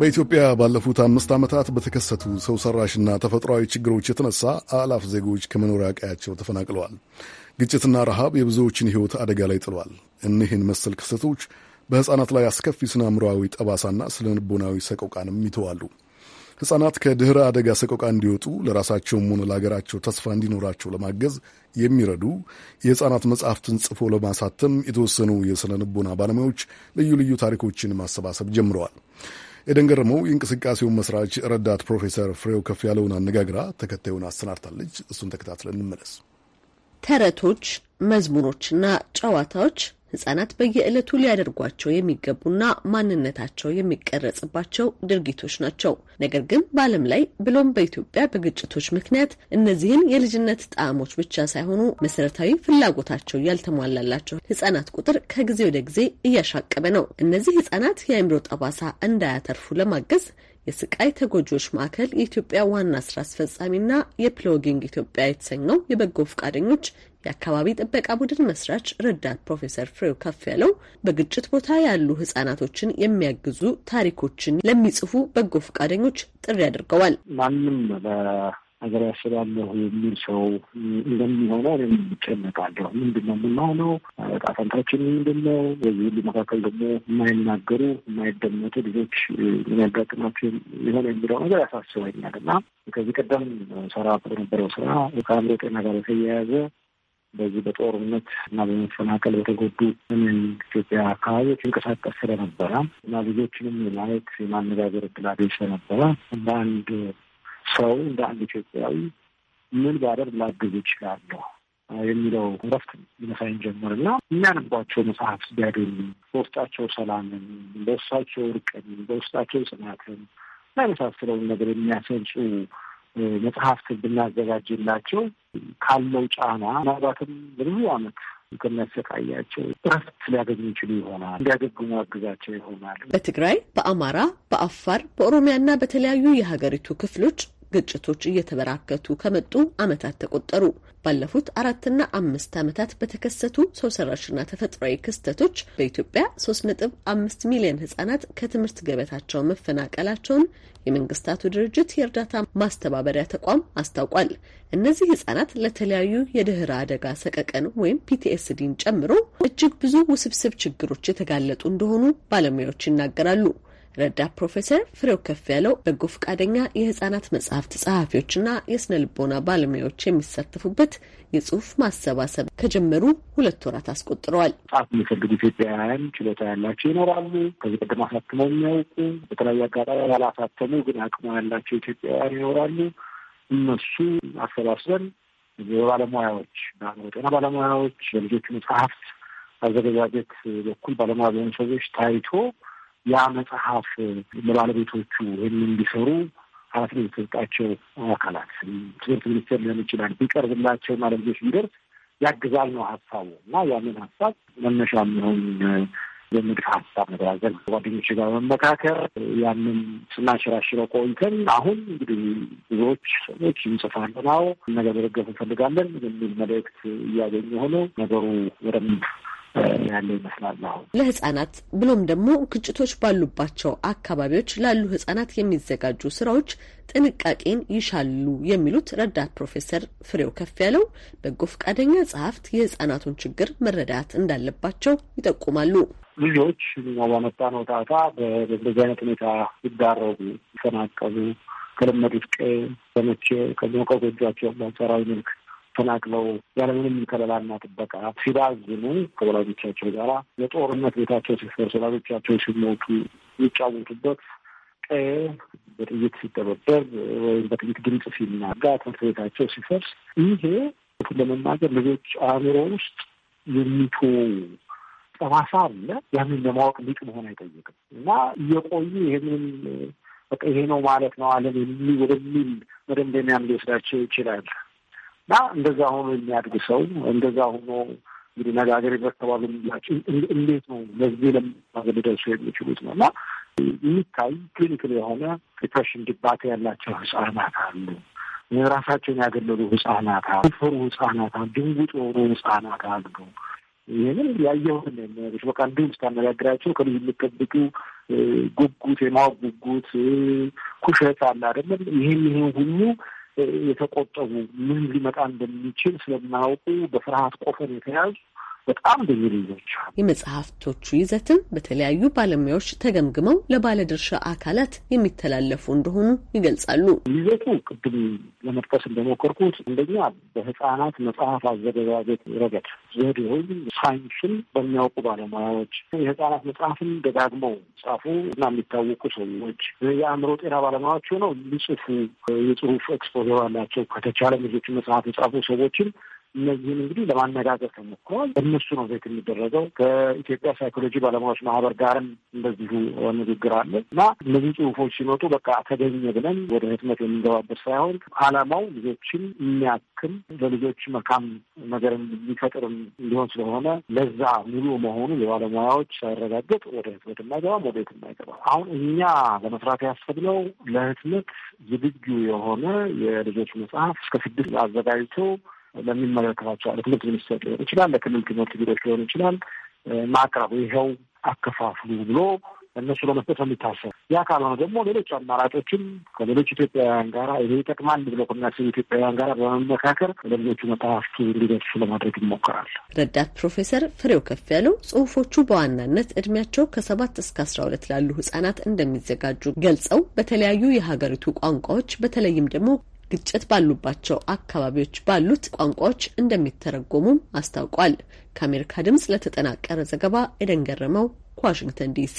በኢትዮጵያ ባለፉት አምስት ዓመታት በተከሰቱ ሰው ሠራሽና ተፈጥሯዊ ችግሮች የተነሳ አላፍ ዜጎች ከመኖሪያ ቀያቸው ተፈናቅለዋል። ግጭትና ረሃብ የብዙዎችን ሕይወት አደጋ ላይ ጥሏል። እኒህን መሰል ክስተቶች በሕፃናት ላይ አስከፊ ስነ አምሮዊ፣ ጠባሳና ስነ ልቦናዊ ሰቆቃንም ይተዋሉ። ሕፃናት ከድኅረ አደጋ ሰቆቃ እንዲወጡ ለራሳቸውም ሆነ ለሀገራቸው ተስፋ እንዲኖራቸው ለማገዝ የሚረዱ የሕፃናት መጽሐፍትን ጽፎ ለማሳተም የተወሰኑ የስነ ልቦና ባለሙያዎች ልዩ ልዩ ታሪኮችን ማሰባሰብ ጀምረዋል። ኤደን ገረመው የእንቅስቃሴውን መስራች ረዳት ፕሮፌሰር ፍሬው ከፍ ያለውን አነጋግራ ተከታዩን አሰናድታለች። እሱን ተከታትለን እንመለስ። ተረቶች፣ መዝሙሮችና ጨዋታዎች ህጻናት በየዕለቱ ሊያደርጓቸው የሚገቡና ማንነታቸው የሚቀረጽባቸው ድርጊቶች ናቸው። ነገር ግን በዓለም ላይ ብሎም በኢትዮጵያ በግጭቶች ምክንያት እነዚህን የልጅነት ጣዕሞች ብቻ ሳይሆኑ መሰረታዊ ፍላጎታቸው ያልተሟላላቸው ህጻናት ቁጥር ከጊዜ ወደ ጊዜ እያሻቀበ ነው። እነዚህ ህጻናት የአእምሮ ጠባሳ እንዳያተርፉ ለማገዝ የስቃይ ተጎጂዎች ማዕከል የኢትዮጵያ ዋና ስራ አስፈጻሚና የፕሎጊንግ ኢትዮጵያ የተሰኘው የበጎ ፈቃደኞች የአካባቢ ጥበቃ ቡድን መስራች ረዳት ፕሮፌሰር ፍሬው ከፍ ያለው በግጭት ቦታ ያሉ ህጻናቶችን የሚያግዙ ታሪኮችን ለሚጽፉ በጎ ፈቃደኞች ጥሪ አድርገዋል። ማንም በሀገር ያስባለሁ የሚል ሰው እንደሚሆነ እኔም እጨነቃለሁ። ምንድን ነው የምንሆነው? ዕጣ ፈንታችን ምንድን ነው? በዚህ ሁሉ መካከል ደግሞ የማይናገሩ የማይደመጡ ልጆች የሚያጋጥማቸው የሆነ የሚለው ነገር ያሳስበኛል እና ከዚህ ቀደም ሰራ በነበረው ስራ ከአእምሮ ጤና ጋር የተያያዘ በዚህ በጦርነት እና በመፈናቀል በተጎዱ ኢትዮጵያ አካባቢዎች እንቀሳቀስ ስለነበረ እና ልጆችንም የማየት የማነጋገር እድላገኝ ስለነበረ እንደ አንድ ሰው እንደ አንድ ኢትዮጵያዊ ምን ባደርግ ላግዝ ይችላለሁ የሚለው ረፍት ሊመሳይን ጀምር እና የሚያነባቸው መጽሐፍ ቢያገኙ በውስጣቸው ሰላምን፣ በውስጣቸው እርቅን፣ በውስጣቸው ጽናትን እና የመሳሰለውን ነገር የሚያሰንጹ መጽሐፍት ብናዘጋጅላቸው ካለው ጫና ምናልባትም ብዙ አመት ከሚያሰቃያቸው እረፍት ሊያገኙ ይችሉ ይሆናል፣ እንዲያገግሙ አግዛቸው ይሆናል። በትግራይ፣ በአማራ፣ በአፋር፣ በኦሮሚያና በተለያዩ የሀገሪቱ ክፍሎች ግጭቶች እየተበራከቱ ከመጡ ዓመታት ተቆጠሩ። ባለፉት አራትና አምስት ዓመታት በተከሰቱ ሰው ሰራሽና ተፈጥሯዊ ክስተቶች በኢትዮጵያ 3.5 ሚሊዮን ህጻናት ከትምህርት ገበታቸው መፈናቀላቸውን የመንግስታቱ ድርጅት የእርዳታ ማስተባበሪያ ተቋም አስታውቋል። እነዚህ ህጻናት ለተለያዩ የድህረ አደጋ ሰቀቀን ወይም ፒቲኤስዲን ጨምሮ እጅግ ብዙ ውስብስብ ችግሮች የተጋለጡ እንደሆኑ ባለሙያዎች ይናገራሉ። ረዳት ፕሮፌሰር ፍሬው ከፍ ያለው በጎ ፈቃደኛ የህጻናት መጽሐፍት ጸሐፊዎችና የስነ ልቦና ባለሙያዎች የሚሳተፉበት የጽሁፍ ማሰባሰብ ከጀመሩ ሁለት ወራት አስቆጥረዋል። ጻፍ የሚፈልጉ ኢትዮጵያውያን ችሎታ ያላቸው ይኖራሉ። ከዚህ ቀደም አሳትመው የሚያውቁ በተለያዩ አጋጣሚ ያላሳተሙ ግን አቅሙ ያላቸው ኢትዮጵያውያን ይኖራሉ። እነሱ አሰባስበን የባለሙያዎች በአእምሮ ጤና ባለሙያዎች በልጆቹ መጽሐፍት አዘገጃጀት በኩል ባለሙያ በሆኑ ሰዎች ታይቶ ያ መጽሐፍ ለባለቤቶቹ ወይም እንዲሰሩ ኃላፊነት የተሰጣቸው አካላት ትምህርት ሚኒስቴር ሊሆን ይችላል ቢቀርብላቸው እና ለልጆች ቢደርስ ያግዛል ነው ሀሳቡ እና ያንን ሀሳብ መነሻ የሚሆን የንግድ ሀሳብ ነገር አዘል ጓደኞች ጋር መመካከር ያንን ስናንሸራሽረው ቆይተን አሁን እንግዲህ ብዙዎች ሰዎች እንጽፋለን፣ ነገር መደገፍ እንፈልጋለን የሚል መልእክት እያገኘ ሆነው ነገሩ ወደ ያለ ይመስላል። አሁን ለህጻናት ብሎም ደግሞ ግጭቶች ባሉባቸው አካባቢዎች ላሉ ህጻናት የሚዘጋጁ ስራዎች ጥንቃቄን ይሻሉ የሚሉት ረዳት ፕሮፌሰር ፍሬው ከፍ ያለው በጎ ፈቃደኛ ጸሐፍት የህጻናቱን ችግር መረዳት እንዳለባቸው ይጠቁማሉ። ልጆች በመጣ ነው ጣጣ በእንደዚህ አይነት ሁኔታ ይዳረጉ፣ ይፈናቀሉ ከለመዱት ቀ በመቼ ከዚ ከጎጇቸው ባንሰራዊ ምልክ ተፈናቅለው ያለምንም ከለላና ጥበቃ ሲባዝኑ ከወላጆቻቸው ጋር የጦርነት ቤታቸው ሲፈርስ ወላጆቻቸው ሲሞቱ የሚጫወቱበት ቀየ በጥይት ሲጠበበብ ወይም በጥይት ድምፅ ሲናጋ ትምህርት ቤታቸው ሲፈርስ ይሄ ለመናገር ልጆች አእምሮ ውስጥ የሚቶ ጠባሳ አለ። ያንን ለማወቅ ሊቅ መሆን አይጠይቅም እና እየቆዩ ይህንን በቃ ይሄ ነው ማለት ነው ዓለም ወደሚል መደምደሚያም ሊወስዳቸው ይችላል። እና እንደዛ ሆኖ የሚያድግ ሰው እንደዛ ሆኖ እንግዲህ ነጋገር ይበተባሉ ሚላቸው እንዴት ነው ለዚህ ለማገ ሊደርሱ የሚችሉት ነው እና የሚታይ ክሊኒክል የሆነ ዲፕሬሽን ድባት ያላቸው ህጻናት አሉ። ራሳቸውን ያገለሉ ህጻናት አሉ። ፈሩ ህጻናት አሉ። ድንጉጥ የሆኑ ህጻናት አሉ። ይህንም ያየሁትን ነች በቃ እንዲሁም ስታነጋግራቸው ከልዩ የሚጠብቁ ጉጉት፣ የማወቅ ጉጉት፣ ኩሸት አለ አይደለም። ይህን ይህን ሁሉ የተቆጠቡ ምን ሊመጣ እንደሚችል ስለማያውቁ በፍርሃት ቆፈን የተያዙ በጣም ብዙ ልጆች የመጽሐፍቶቹ ይዘትም በተለያዩ ባለሙያዎች ተገምግመው ለባለድርሻ አካላት የሚተላለፉ እንደሆኑ ይገልጻሉ። ይዘቱ ቅድም ለመጥቀስ እንደሞከርኩት አንደኛ በህፃናት መጽሐፍ አዘገጃጀት ረገድ ዘዴውን፣ ሳይንስን በሚያውቁ ባለሙያዎች የህፃናት መጽሐፍን ደጋግመው ጻፉ እና የሚታወቁ ሰዎች የአእምሮ ጤና ባለሙያዎች ሆነው ሊጽፉ የጽሁፍ ኤክስፖዘር አላቸው ከተቻለ ልጆች መጽሐፍ የጻፉ ሰዎችን እነዚህን እንግዲህ ለማነጋገር ተሞክሯል። በእነሱ ነው ዜት የሚደረገው። ከኢትዮጵያ ሳይኮሎጂ ባለሙያዎች ማህበር ጋርም እንደዚሁ ንግግር አለ እና እነዚህ ጽሁፎች ሲመጡ በቃ ተገኘ ብለን ወደ ህትመት የምንገባበት ሳይሆን አላማው ልጆችን የሚያክም ለልጆች መልካም ነገር የሚፈጥርም እንዲሆን ስለሆነ ለዛ ሙሉ መሆኑ የባለሙያዎች ሳይረጋገጥ ወደ ህትመት የማይገባም ወደ የትም አይገባም። አሁን እኛ ለመስራት ያሰብነው ለህትመት ዝግጁ የሆነ የልጆች መጽሐፍ እስከ ስድስት አዘጋጅቶ ለሚመለከታቸው ለትምህርት ሚኒስቴር ሊሆን ይችላል፣ ለክልል ትምህርት ቢሮች ሊሆን ይችላል ማቅረቡ ይኸው አከፋፍሉ ብሎ እነሱ ለመስጠት የሚታሰብ። ያ ካልሆነ ደግሞ ሌሎች አማራጮችም ከሌሎች ኢትዮጵያውያን ጋራ ይሄ ይጠቅማል ብሎ ከሚያስቡ ኢትዮጵያውያን ጋራ በመመካከር ለልጆቹ መጽሐፍቱ እንዲደርሱ ለማድረግ ይሞከራል። ረዳት ፕሮፌሰር ፍሬው ከፍ ያለው ጽሁፎቹ በዋናነት እድሜያቸው ከሰባት እስከ አስራ ሁለት ላሉ ህጻናት እንደሚዘጋጁ ገልጸው በተለያዩ የሀገሪቱ ቋንቋዎች በተለይም ደግሞ ግጭት ባሉባቸው አካባቢዎች ባሉት ቋንቋዎች እንደሚተረጎሙም አስታውቋል። ከአሜሪካ ድምፅ ለተጠናቀረ ዘገባ ኤደን ገረመው ከዋሽንግተን ዲሲ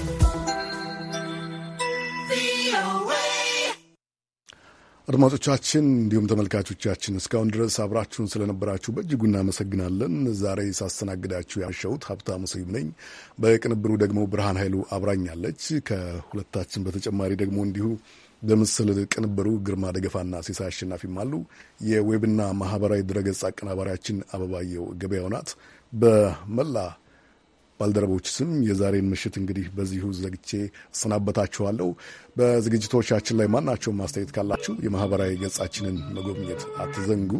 አድማጮቻችን እንዲሁም ተመልካቾቻችን እስካሁን ድረስ አብራችሁን ስለነበራችሁ በእጅጉ እናመሰግናለን። ዛሬ ሳስተናግዳችሁ ያሸውት ሀብታሙ ስዩም ነኝ። በቅንብሩ ደግሞ ብርሃን ኃይሉ አብራኛለች። ከሁለታችን በተጨማሪ ደግሞ እንዲሁ በምስል ቅንብሩ ግርማ ደገፋና ሲሳይ አሸናፊም አሉ። የዌብና ማህበራዊ ድረገጽ አቀናባሪያችን አበባየው ገበያው ናት። በመላ ባልደረቦች ስም የዛሬን ምሽት እንግዲህ በዚሁ ዘግቼ እሰናበታችኋለሁ። በዝግጅቶቻችን ላይ ማናቸውም ማስተያየት ካላችሁ የማህበራዊ ገጻችንን መጎብኘት አትዘንጉ።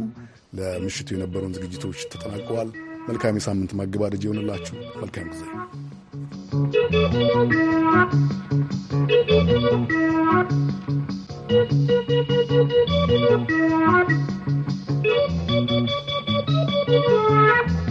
ለምሽቱ የነበሩን ዝግጅቶች ተጠናቀዋል። መልካም የሳምንት ማገባደጅ ይሆንላችሁ። መልካም ጊዜ Thank you.